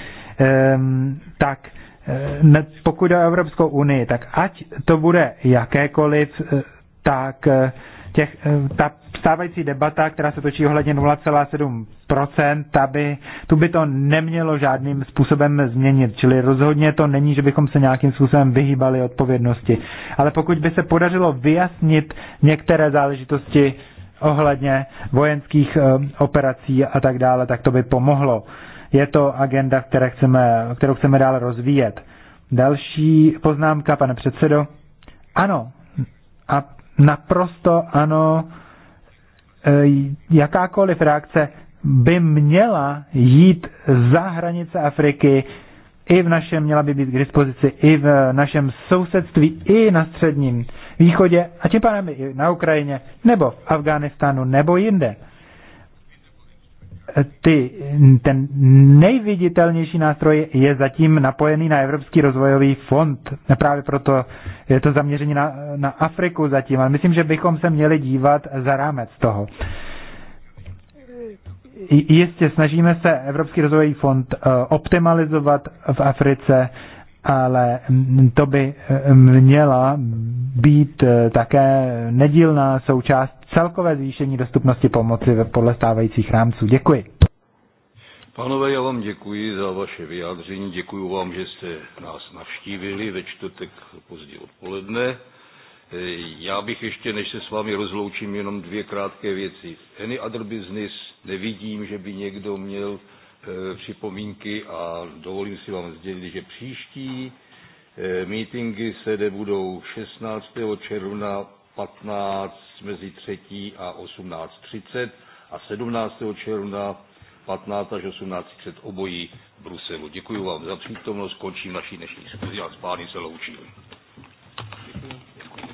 tak eh, pokud jde o Evropskou unii, tak ať to bude jakékoliv, eh, tak eh, těch, eh, ta stávající debata, která se točí ohledně 0,7%, aby tu by to nemělo žádným způsobem změnit. Čili rozhodně to není, že bychom se nějakým způsobem vyhýbali odpovědnosti. Ale pokud by se podařilo vyjasnit některé záležitosti ohledně vojenských eh, operací a tak dále, tak to by pomohlo. Je to agenda, které chceme, kterou chceme dále rozvíjet. Další poznámka, pane předsedo. Ano, a naprosto ano, e, jakákoliv reakce by měla jít za hranice Afriky, i v našem, měla by být k dispozici i v našem sousedství, i na středním východě, a tím pádem i na Ukrajině, nebo v Afghánistánu, nebo jinde ty, ten nejviditelnější nástroj je zatím napojený na Evropský rozvojový fond. Právě proto je to zaměření na, na Afriku zatím. Ale myslím, že bychom se měli dívat za rámec toho. Jistě snažíme se Evropský rozvojový fond eh, optimalizovat v Africe, ale to by eh, měla být eh, také nedílná součást celkové zvýšení dostupnosti pomoci podle stávajících rámců. Děkuji. Pánové, já vám děkuji za vaše vyjádření, děkuji vám, že jste nás navštívili ve čtvrtek pozdě odpoledne. Eh, já bych ještě, než se s vámi rozloučím, jenom dvě krátké věci. Any other business nevidím, že by někdo měl Eh, připomínky a dovolím si vám sdělit, že příští eh, meetingy se nebudou 16. června 15 mezi 3. a 18.30 a 17. června 15 až 18.30 obojí v Bruselu. Děkuji vám za přítomnost, končím naší dnešní schůzi a s pány se loučím.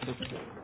Thank you.